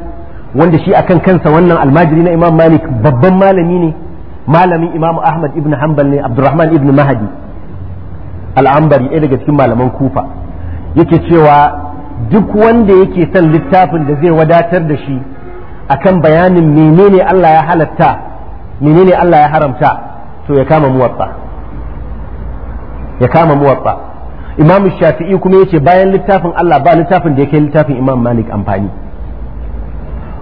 Speaker 1: wanda shi akan kansa wannan almajiri na imam malik babban malami ne malamin imam ahmad ibn hanbal ne abdurrahman ibn mahadi al'ambari ɗaya daga cikin malaman kufa yake cewa duk wanda yake son littafin da zai wadatar da shi akan bayanin menene Allah ya halatta menene Allah ya haramta to ya kama muwatta ya kama muwatta imam shafi'i kuma yace bayan littafin Allah ba littafin da yake littafin imam malik amfani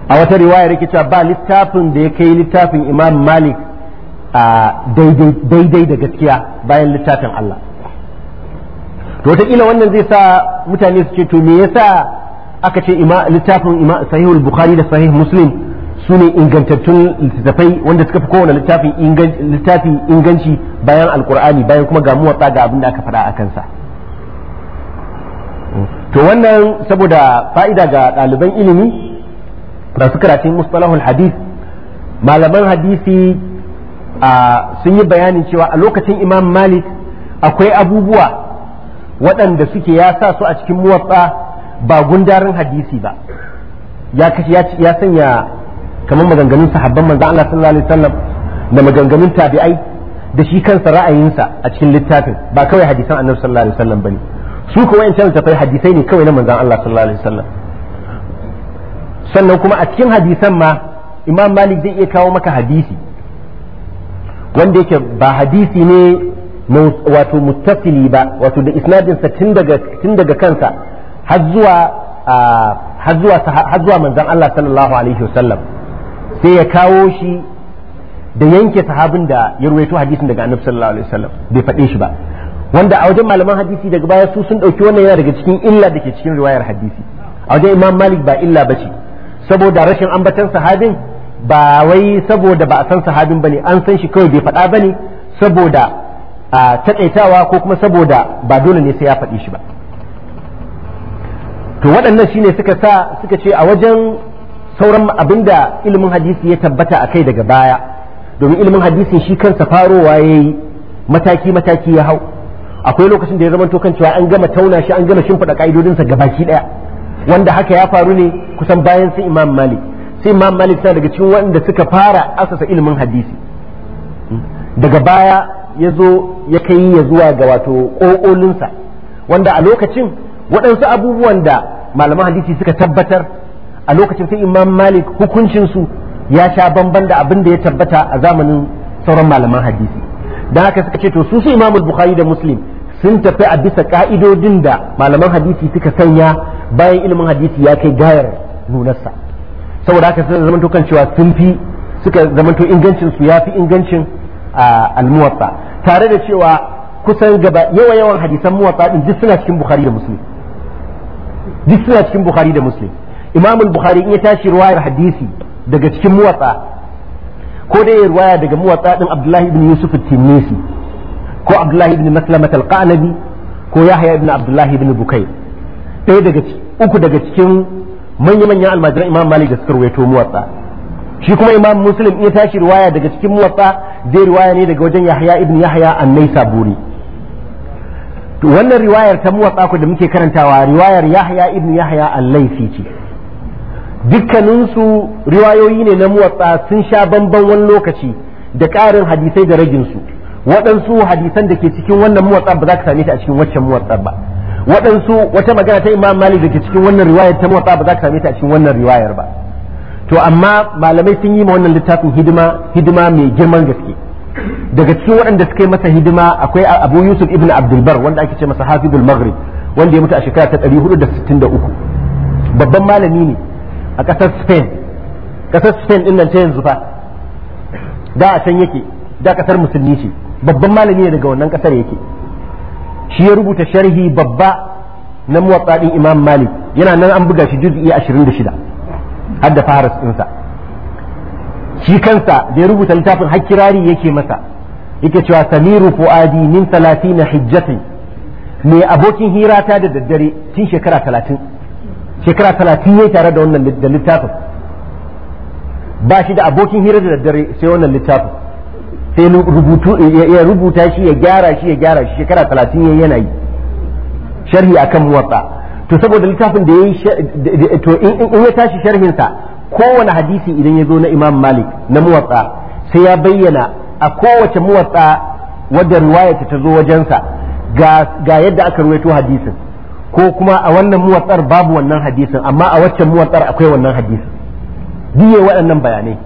Speaker 1: a wata riwaya yake cewa ba littafin da yake littafin imam malik a daidai da gaskiya bayan littafin Allah to wataƙila wannan zai sa mutane su ce to me yasa aka ce littafin sahihul bukhari da sahih muslim su ne ingantattun littattafai wanda suka fi kowane littafi inganci bayan alkur'ani bayan kuma ga muwatsa ga abin da aka faɗa a kansa to wannan saboda fa'ida ga ɗaliban ilimi masu karatun mustalahul hadith malaman hadisi sun yi bayanin cewa a lokacin imam malik akwai abubuwa waɗanda suke ya sa su a cikin muwatsa ba gundarin hadisi ba ya sanya kamar maganganun sahabban manzo Allah sallallahu alaihi wasallam da maganganun tabi'ai da shi kansa ra'ayinsa a cikin littafin ba kawai hadisan annabi sallallahu alaihi wasallam bane su kuma canza tafai hadisai ne kawai na manzon Allah sallallahu alaihi wasallam sannan kuma a cikin hadisan ma imam malik zai iya kawo maka hadisi wanda yake ba hadisi ne wato muttasili ba wato da isnadinsa tun daga kansa har zuwa har manzon Allah sallallahu alaihi wasallam sai ya kawo shi da yanke sahabin da ya ruwaito hadisin daga annabi sallallahu alaihi wasallam bai faɗe shi ba wanda a wajen malaman hadisi daga baya su sun ɗauki wannan yana daga cikin illa da ke cikin riwayar hadisi a wajen imam malik ba illa ba ce saboda rashin ambatan sahabin ba wai saboda ba a san sahabin ba ne an san shi kawai bai faɗa bane saboda a taƙaitawa ko kuma saboda ba dole ne sai ya faɗi shi ba to waɗannan shine suka sa suka ce a wajen sauran abinda ilimin hadisi ya tabbata a kai daga baya domin ilimin hadisin shi kansa farowa ya yi mataki mataki ya hau akwai lokacin da ya zamanto kan cewa an gama tauna shi an gama shimfiɗa ƙa'idodinsa gabaki ɗaya wanda haka ya faru ne kusan bayan sun imam malik sai imam malik sai daga cikin wanda suka fara asasa ilimin hadisi daga baya ya zo ya kai ya zuwa ga wato ƙoƙolinsa wanda a lokacin waɗansu abubuwan da malaman hadisi suka tabbatar a lokacin sai imam malik hukuncinsu ya sha bamban da abin da ya tabbata a zamanin sauran malaman hadisi don haka suka ce to su su imamul bukhari da muslim sun tafi a bisa ka'idodin da malaman hadisi suka sanya bayan ilimin hadisi ya kai gayar nunarsa saboda haka sai zamanto kan cewa sun fi suka zamanto ingancin su yafi ingancin al-muwatta tare da cewa kusan gaba yawa yawan hadisan muwatta din duk suna cikin bukhari da muslim duk suna cikin bukhari da muslim imam al-bukhari in ya tashi riwayar hadisi daga cikin muwatta ko dai riwaya daga muwatta din abdullahi ibn yusuf at-tinnisi ko abdullahi ibn maslamat al-qanabi ko yahya ibn abdullahi ibn bukayr ɗaya daga uku daga cikin manya-manyan almajiran imam malik da suka ruwaito muwatsa shi kuma imam muslim ya tashi riwaya daga cikin muwatsa zai riwaya ne daga wajen yahya ibn yahya annai saburi to wannan riwayar ta muwatsa ku da muke karantawa riwayar yahya ibn yahya al-laifi ce dukkaninsu riwayoyi ne na muwatsa sun sha bamban wani lokaci da ƙarin hadisai da ragin su waɗansu hadisan da ke cikin wannan muwatsa ba za ka same shi a cikin waccan muwatsa ba waɗansu wata magana ta imam malik da ke cikin wannan riwayar ta motsa ba za ka same ta a cikin wannan riwayar ba to amma malamai sun yi ma wannan littafin hidima hidima mai girman gaske daga cikin waɗanda suka yi masa hidima akwai abu yusuf ibn abdulbar wanda ake ce masa hafizul maghrib wanda ya mutu a shekara ta 463 babban malami ne a ƙasar spain ƙasar spain ɗin nan ta yanzu fa da a can yake da ƙasar musulmi ce babban malami ne daga wannan ƙasar yake shi ya rubuta sharhi babba na muwatsa din imam malik yana nan an buga shi juz'i 26 har da faras ɗinsa shi kansa da ya rubuta littafin hakirari yake masa yake cewa samiru fuadi min 30 hijjati mai abokin hirata da daddare tun shekara 30 shekara 30 yayi tare da wannan littafin ba shi da abokin hira da daddare sai wannan littafin sai rubutu ya rubuta shi ya gyara shi ya gyara shi shekara talatin ya yana yi sharhi akan muwatsa to saboda littafin da ya yi to in ya tashi sharhinsa kowane hadisi idan ya zo na Imam Malik na muwatsa sai ya bayyana a kowace muwatsa wadda riwayata ta zo wajensa ga yadda aka ruwaito hadisin ko kuma a wannan muwatsar babu wannan hadisin amma a waccan muwatsar akwai wannan hadisin biye waɗannan bayanai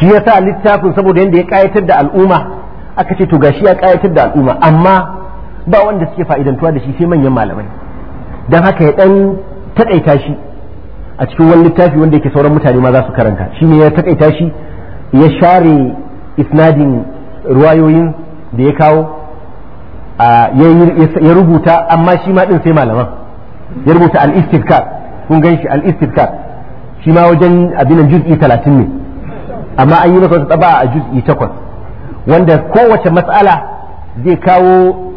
Speaker 1: shi ya sa littafin saboda yadda ya kayatar da al'umma aka ce to gashi ya kayatar da al'umma amma ba wanda suke fa'idantuwa da shi sai manyan malamai don haka ya dan takaita shi a cikin wani littafi wanda yake sauran mutane ma za su karanta shi ne ya takaita shi ya share isnadin ruwayoyin da ya kawo ya rubuta amma shi ma din sai malaman ya rubuta al-istidkar kun gan shi al shi ma wajen abinan juz'i talatin ne amma an yi masa wasu tsaba a juz'i takwas wanda kowace matsala zai kawo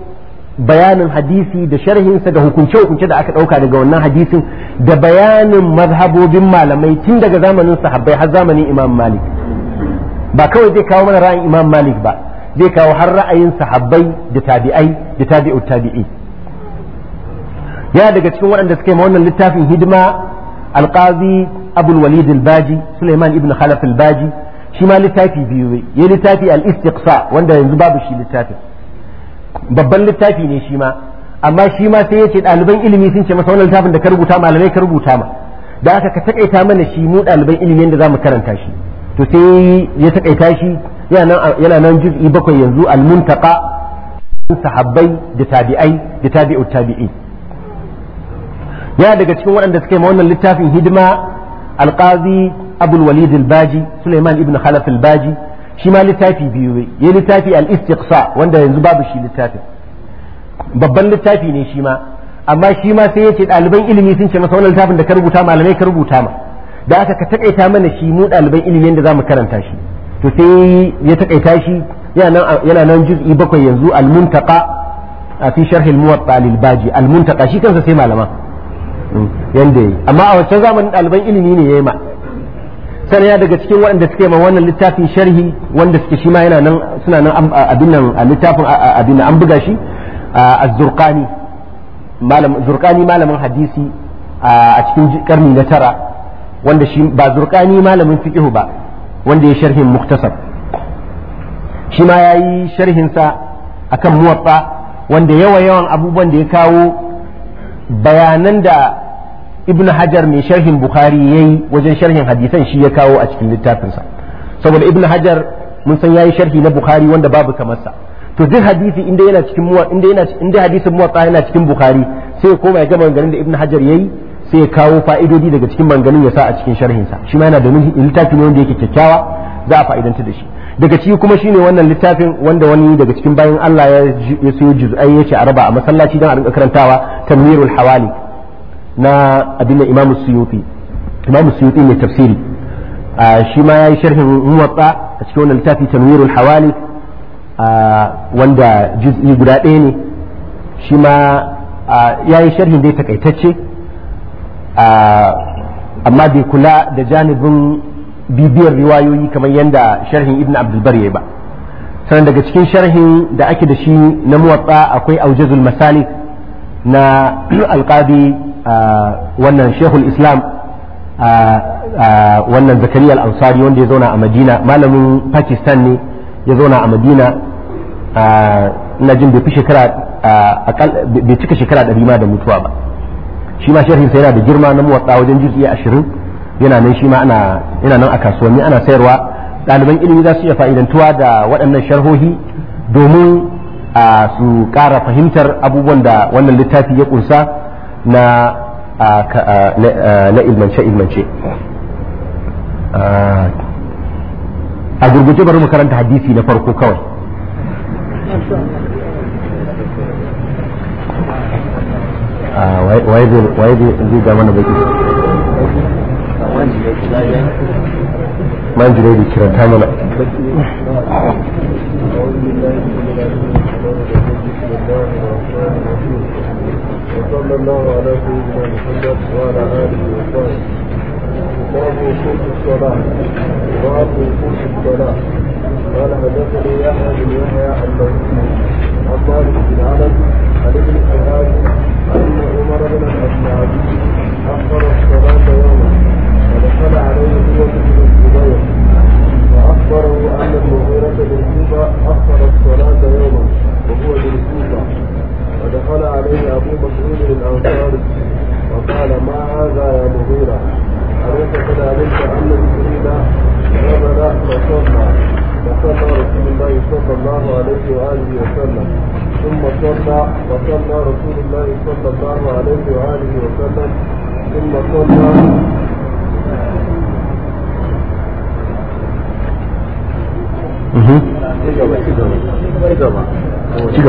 Speaker 1: bayanin hadisi da sharhinsa da hukunce-hukunce da aka ɗauka daga wannan hadisin da bayanin mazhabobin malamai tun daga zamanin sahabbai har zamanin imam malik ba kawai zai kawo mana ra'ayin imam malik ba zai kawo har ra'ayin sahabbai da tabi'ai da tabi'ut tabi'i ya daga cikin waɗanda suka yi wannan littafin hidima alqazi abul walid al-baji suleiman ibn khalaf al-baji shi ma littafi biyu ya littafi al-istiqsa wanda yanzu babu shi littafi babban littafi ne shi ma amma shi ma sai yace ɗaliban ilimi sun ce masa wannan littafin da ka rubuta malamai ka rubuta ma da aka ka takaita mana shi mu ɗaliban ilimi yadda mu karanta shi to sai ya takaita shi yana nan juz'i bakwai yanzu al-muntaqa sahabbai da tabi'ai da tabi'ut tabi'i ya daga cikin waɗanda suka yi ma wannan littafin hidima alqazi abul baji suleiman ibn khalaf baji shi ma littafi biyu ya littafi al-istiqsa wanda yanzu babu shi littafin babban littafi ne shi ma amma shi ma sai ya ce ɗaliban ilimi sun ce masa wannan littafin da ka rubuta malamai ka rubuta ma da aka ka takaita mana shi mu ɗaliban ilimin da za mu karanta shi to sai ya takaita shi yana nan juz'i bakwai yanzu al-muntaqa fi sharh al-muwatta lil baji al-muntaqa shi kansa sai malama hmm, yanda amma a wancan zamanin ɗaliban ilimi ne yayi ma sanaya daga cikin waɗanda suka yi ma wannan littafin sharhi wanda suke shi ma yana nan suna nan abin nan littafin abin nan an buga shi az-zurqani malam zurqani malamin hadisi a cikin karni na tara wanda shi ba zurqani malamin fiqh ba wanda ya sharhin muktasar shi ma yayi sharhin sa akan muwatta wanda yawa yawan abubuwan da ya kawo bayanan da ibn hajar mai sharhin bukhari yayi wajen sharhin hadisan shi ya kawo a cikin littafinsa saboda ibn hajar mun san ya yi sharhi na bukhari wanda babu kamarsa to duk hadisi inda yana cikin muwa inda yana cikin hadisin muwatta yana cikin bukhari sai ya koma ya ga maganganun da ibn hajar yayi sai ya kawo fa'idodi daga cikin maganganun ya sa a cikin sharhin sa shi ma yana da littafi ne wanda yake kyakkyawa za a fa'idanta da shi daga ciki kuma shine wannan littafin wanda wani daga cikin bayan Allah ya siyo juz'ai ce a raba a masallaci dan a rinka karantawa tanwirul hawali na abin imamu suyuti imamu suyuti mai tafsiri shi ma ya yi sharhin muwatsa a cikin wannan littafi tanwirul hawali wanda juz'i guda ɗaya ne shi ma ya yi sharhin dai takaitacce amma bai kula da janibin bibiyar riwayoyi kamar yadda sharhin ibn abdulbar ya ba sannan daga cikin sharhin da ake da shi na muwatsa akwai aujazul masalik na (clears throat) alƙadi wannan shehul islam wannan zakariya al wanda ya zauna a madina malamin pakistan ne ya zauna a madina ina jin bai fi shekara bai cika shekara ɗari ma da mutuwa ba shi ma sai yana da girma na muwatsa wajen jirgi ashirin yana nan shi ma ana yana nan a kasuwanni ana sayarwa ɗaliban ilimi za su iya fa'idantuwa da waɗannan sharhohi domin su ƙara fahimtar abubuwan da wannan littafi ya ƙunsa na na ilmance ilmance a gurguje bari makaranta hadisi na farko kawai
Speaker 2: waye zai zama na baki
Speaker 3: man jirai da kiranta mana
Speaker 2: صلى الله على سيدنا محمد وعلى اله وصحبه باب وقوف الصلاة باب وصول الصلاة قال حدثني يحيى بن يحيى عن طالب بن عبد عن ابن شهاب ان عمر بن الخطاب اخر الصلاة يوما فدخل عليه هو بن الزبير واخبره ان المغيرة بن شيبة اخر الصلاة يوما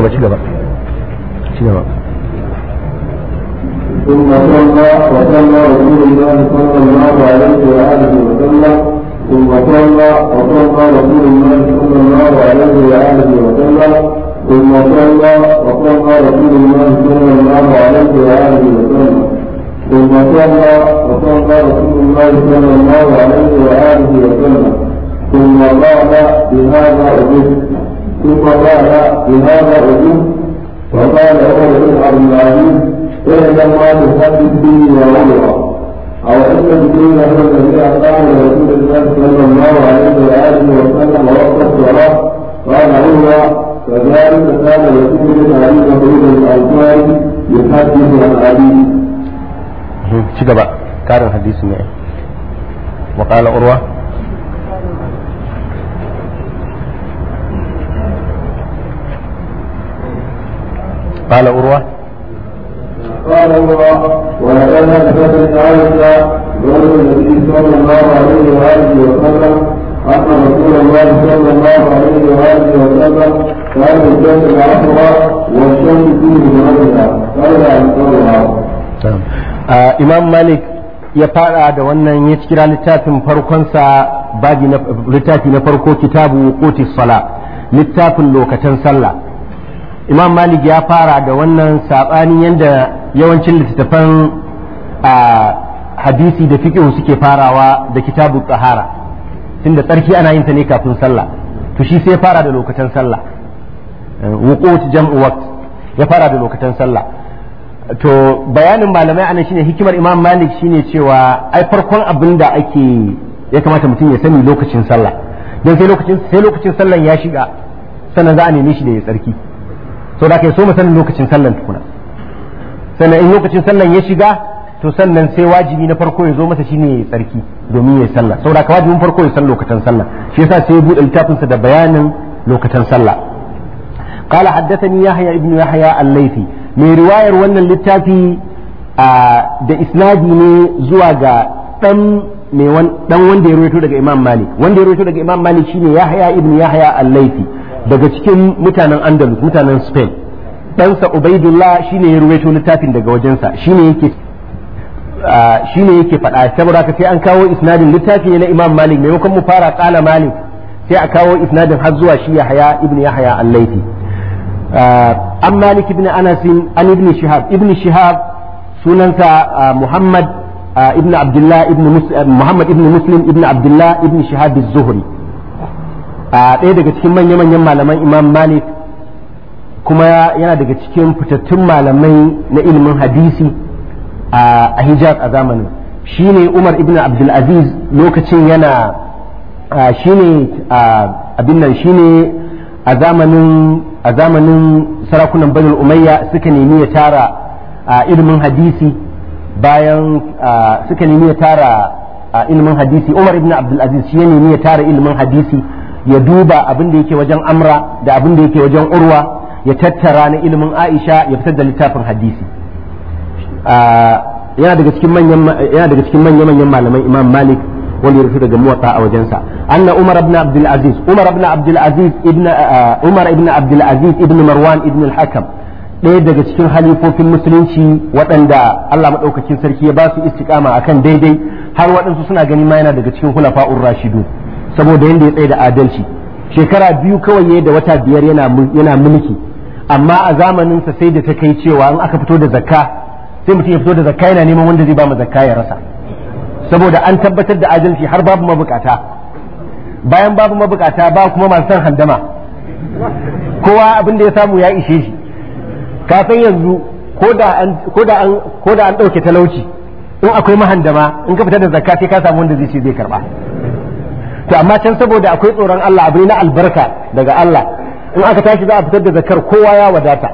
Speaker 3: gaba ci gaba ثم صلى
Speaker 2: وصلى رسول الله صلى الله عليه واله وسلم ثم صلى وصلى رسول الله صلى الله عليه واله وسلم ثم صلى وصلى رسول الله صلى الله عليه واله وسلم ثم صلى وصلى رسول الله صلى الله عليه واله وسلم ثم قال بهذا امرت فقال لهذا الرجل وقال عمر بن عبد العزيز اعلم ما تحدث به وعمرا أو أن الدين هو الذي أقام رسول الله صلى الله عليه وآله وسلم وقت الصلاة قال هو كذلك كان رسول الله عليه بن الأنصار يحدث عن أبيه.
Speaker 1: شكرا. كان حديث وقال أروى
Speaker 2: قال أروى قال أروى ولقد أثبت عائشة زوج النبي صلى الله عليه وآله وسلم أن رسول الله صلى الله عليه وآله وسلم كان الجنة العصر والشمس فيه بغيرها قال عن تمام إمام
Speaker 1: مالك ya fara da wannan ya kira littafin farkonsa baji na littafi na farko kitabu wuquti sala littafin lokacin sallah imam malik ya fara da wannan saɓanin yadda yawancin littattafan hadisi da fiqh suke farawa da kitabu tsahara da tsarki ana yin ta ne kafin sallah to shi sai fara da lokacin sallah wukot jam'u waqt ya fara da lokacin sallah to bayanin malamai anan shine hikimar imam malik shine cewa ai farkon abin da ake ya kamata mutum ya sani lokacin sallah don sai lokacin sai ya shiga sannan za a nemi shi da ya tsarki to da ke so mu sanin lokacin sallan tukuna sannan in lokacin sallan ya shiga to sannan sai wajibi na farko ya zo masa shine ya tsarki domin ya yi sallah saboda ka wajibin farko ya san lokacin sallah shi yasa sai ya buɗe littafin sa da bayanin lokacin sallah haddathani yahya ibnu yahya al-laythi mai riwayar wannan littafi da isnadi ne zuwa ga dan mai dan wanda ya rawaito daga Imam Malik wanda ya rawaito daga Imam Malik shine Yahya ibnu Yahya al-Laythi daga cikin mutanen andalus mutanen spain ɗansa ubaidullah shine ya ruwaito littafin daga wajensa shine yake shine yake faɗa saboda ka sai an kawo isnadin littafi na imam malik maimakon mu fara kala malik sai a kawo isnadin har zuwa shi haya ibn yahya al-laifi an malik ibn anas an ibn shihab ibn shihab sunansa muhammad ibn abdullah ibn muhammad ibn muslim ibn abdullah ibn shihab az-zuhri a ɗaya daga cikin manya-manyan malaman imam malik kuma yana daga cikin fitattun malamai na ilimin hadisi a hijab a zamanin shi ne umar ibn abdulaziz lokacin yana shi ne abin nan shi ne a zamanin sarakunan banul umayya suka nemi ya tara ilimin hadisi bayan suka nemi ya tara ilimin hadisi umar ibn abdulaziz shi ya nemi ya tara ilimin hadisi ya duba abin da yake wajen amra da abin da yake wajen urwa ya tattara na ilimin aisha ya fitar da littafin hadisi yana daga cikin manyan manyan malaman imam malik wanda ya daga muwatta a wajensa anna umar ibn abdul aziz umar ibn abdul umar ibn abdul ibn marwan ibn al-hakam ɗaya daga cikin halifofin musulunci waɗanda Allah maɗaukakin sarki ya ba su istiƙama akan daidai har waɗansu suna gani ma yana daga cikin hulafa'ur rashidu saboda yadda ya tsaye da adalci shekara biyu kawai ya da wata biyar yana mulki amma a zamaninsa sai da ta kai cewa in aka fito da zakka sai mutum ya fito da zakka yana neman wanda zai ba mu zakka ya rasa saboda an tabbatar da adalci har babu mabukata bayan babu mabukata ba kuma masu san handama kowa abin da ya samu ya ishe shi kafin yanzu ko da an ɗauke talauci in akwai mahandama in ka fita da zakka sai ka samu wanda zai ce zai karba to amma can saboda akwai tsoron Allah abu ne na albarka daga Allah in aka tashi za a fitar da zakar kowa ya wadata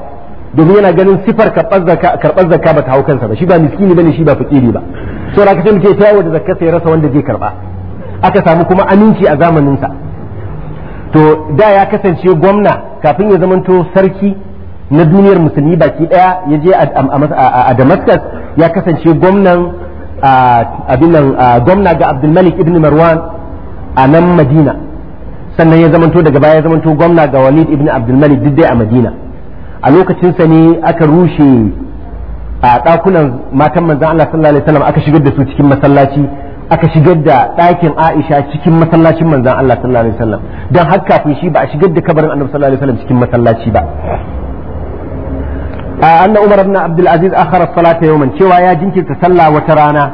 Speaker 1: domin yana ganin sifar karɓar zakka ba ta hau kansa ba shi ba miskini bane shi ba fakiri ba so da kace muke tawo da zakka sai rasa wanda zai karba aka samu kuma aminci a zamanin sa to da ya kasance gwamna kafin ya zamanto sarki na duniyar musulmi baki daya ya je a Damascus ya kasance gwamnan abin nan gwamna ga Abdul Malik ibn Marwan a nan madina sannan ya zamanto daga baya ya zamanto gwamna ga walid ibn abdulmalik duk dai a madina a lokacinsa ne aka rushe a ɗakunan matan manzan Allah sallallahu alaihi wasallam aka shigar da su cikin masallaci aka shigar da ɗakin Aisha cikin masallacin manzan Allah sallallahu alaihi wasallam don har kafin shi ba a shigar da kabarin annabi sallallahu alaihi wasallam cikin masallaci ba anna Umar ibn Abdul Aziz akhara salata yawman cewa ya jinkirta sallah wata rana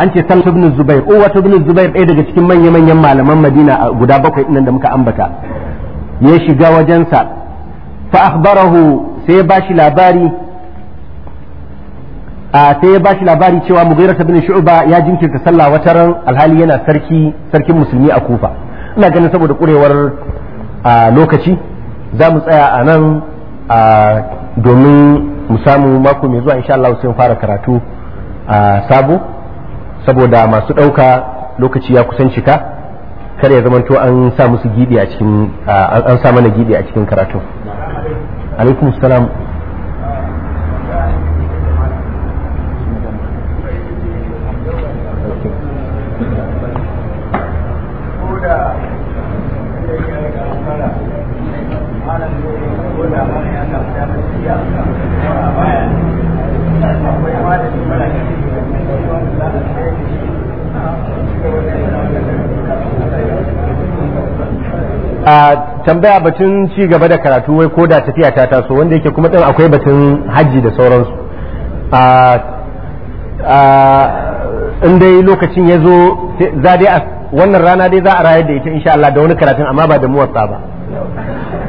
Speaker 1: an ce Salat ibn Zubair Uwat ibn Zubair ɗaya daga cikin manya-manyan malaman Madina guda bakwai ɗin da muka ambata ya shiga wajensa fa akhbarahu sai ya bashi labari a sai ya bashi labari cewa Mughira ibn Shu'ba ya jinkirta sallah wata ran alhali yana sarki sarkin musulmi a Kufa ina ganin saboda kurewar lokaci za mu tsaya a nan domin mu samu mako mai zuwa insha Allah sai mu fara karatu a sabo saboda masu ɗauka lokaci ya kusan cika kada ya zamanto an sa musu gibi a cikin an sa mana gibi a cikin karatu alaikum salam tambaya batun ci gaba da karatu wai ko da tafiya ta taso wanda yake kuma din akwai batun hajji da sauransu in dai lokacin ya zo za dai wannan rana dai za a rayar da ita insha Allah da wani karatun amma ba da muwatsa ba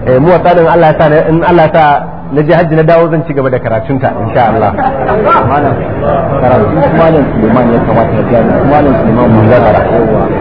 Speaker 1: eh muwatsa din Allah ya sa in Allah ya sa na je hajji na dawo zan ci gaba da karatun ta insha Allah
Speaker 2: malam karatu
Speaker 1: malam Suleiman ya kamata ya ga malam Suleiman mun zagara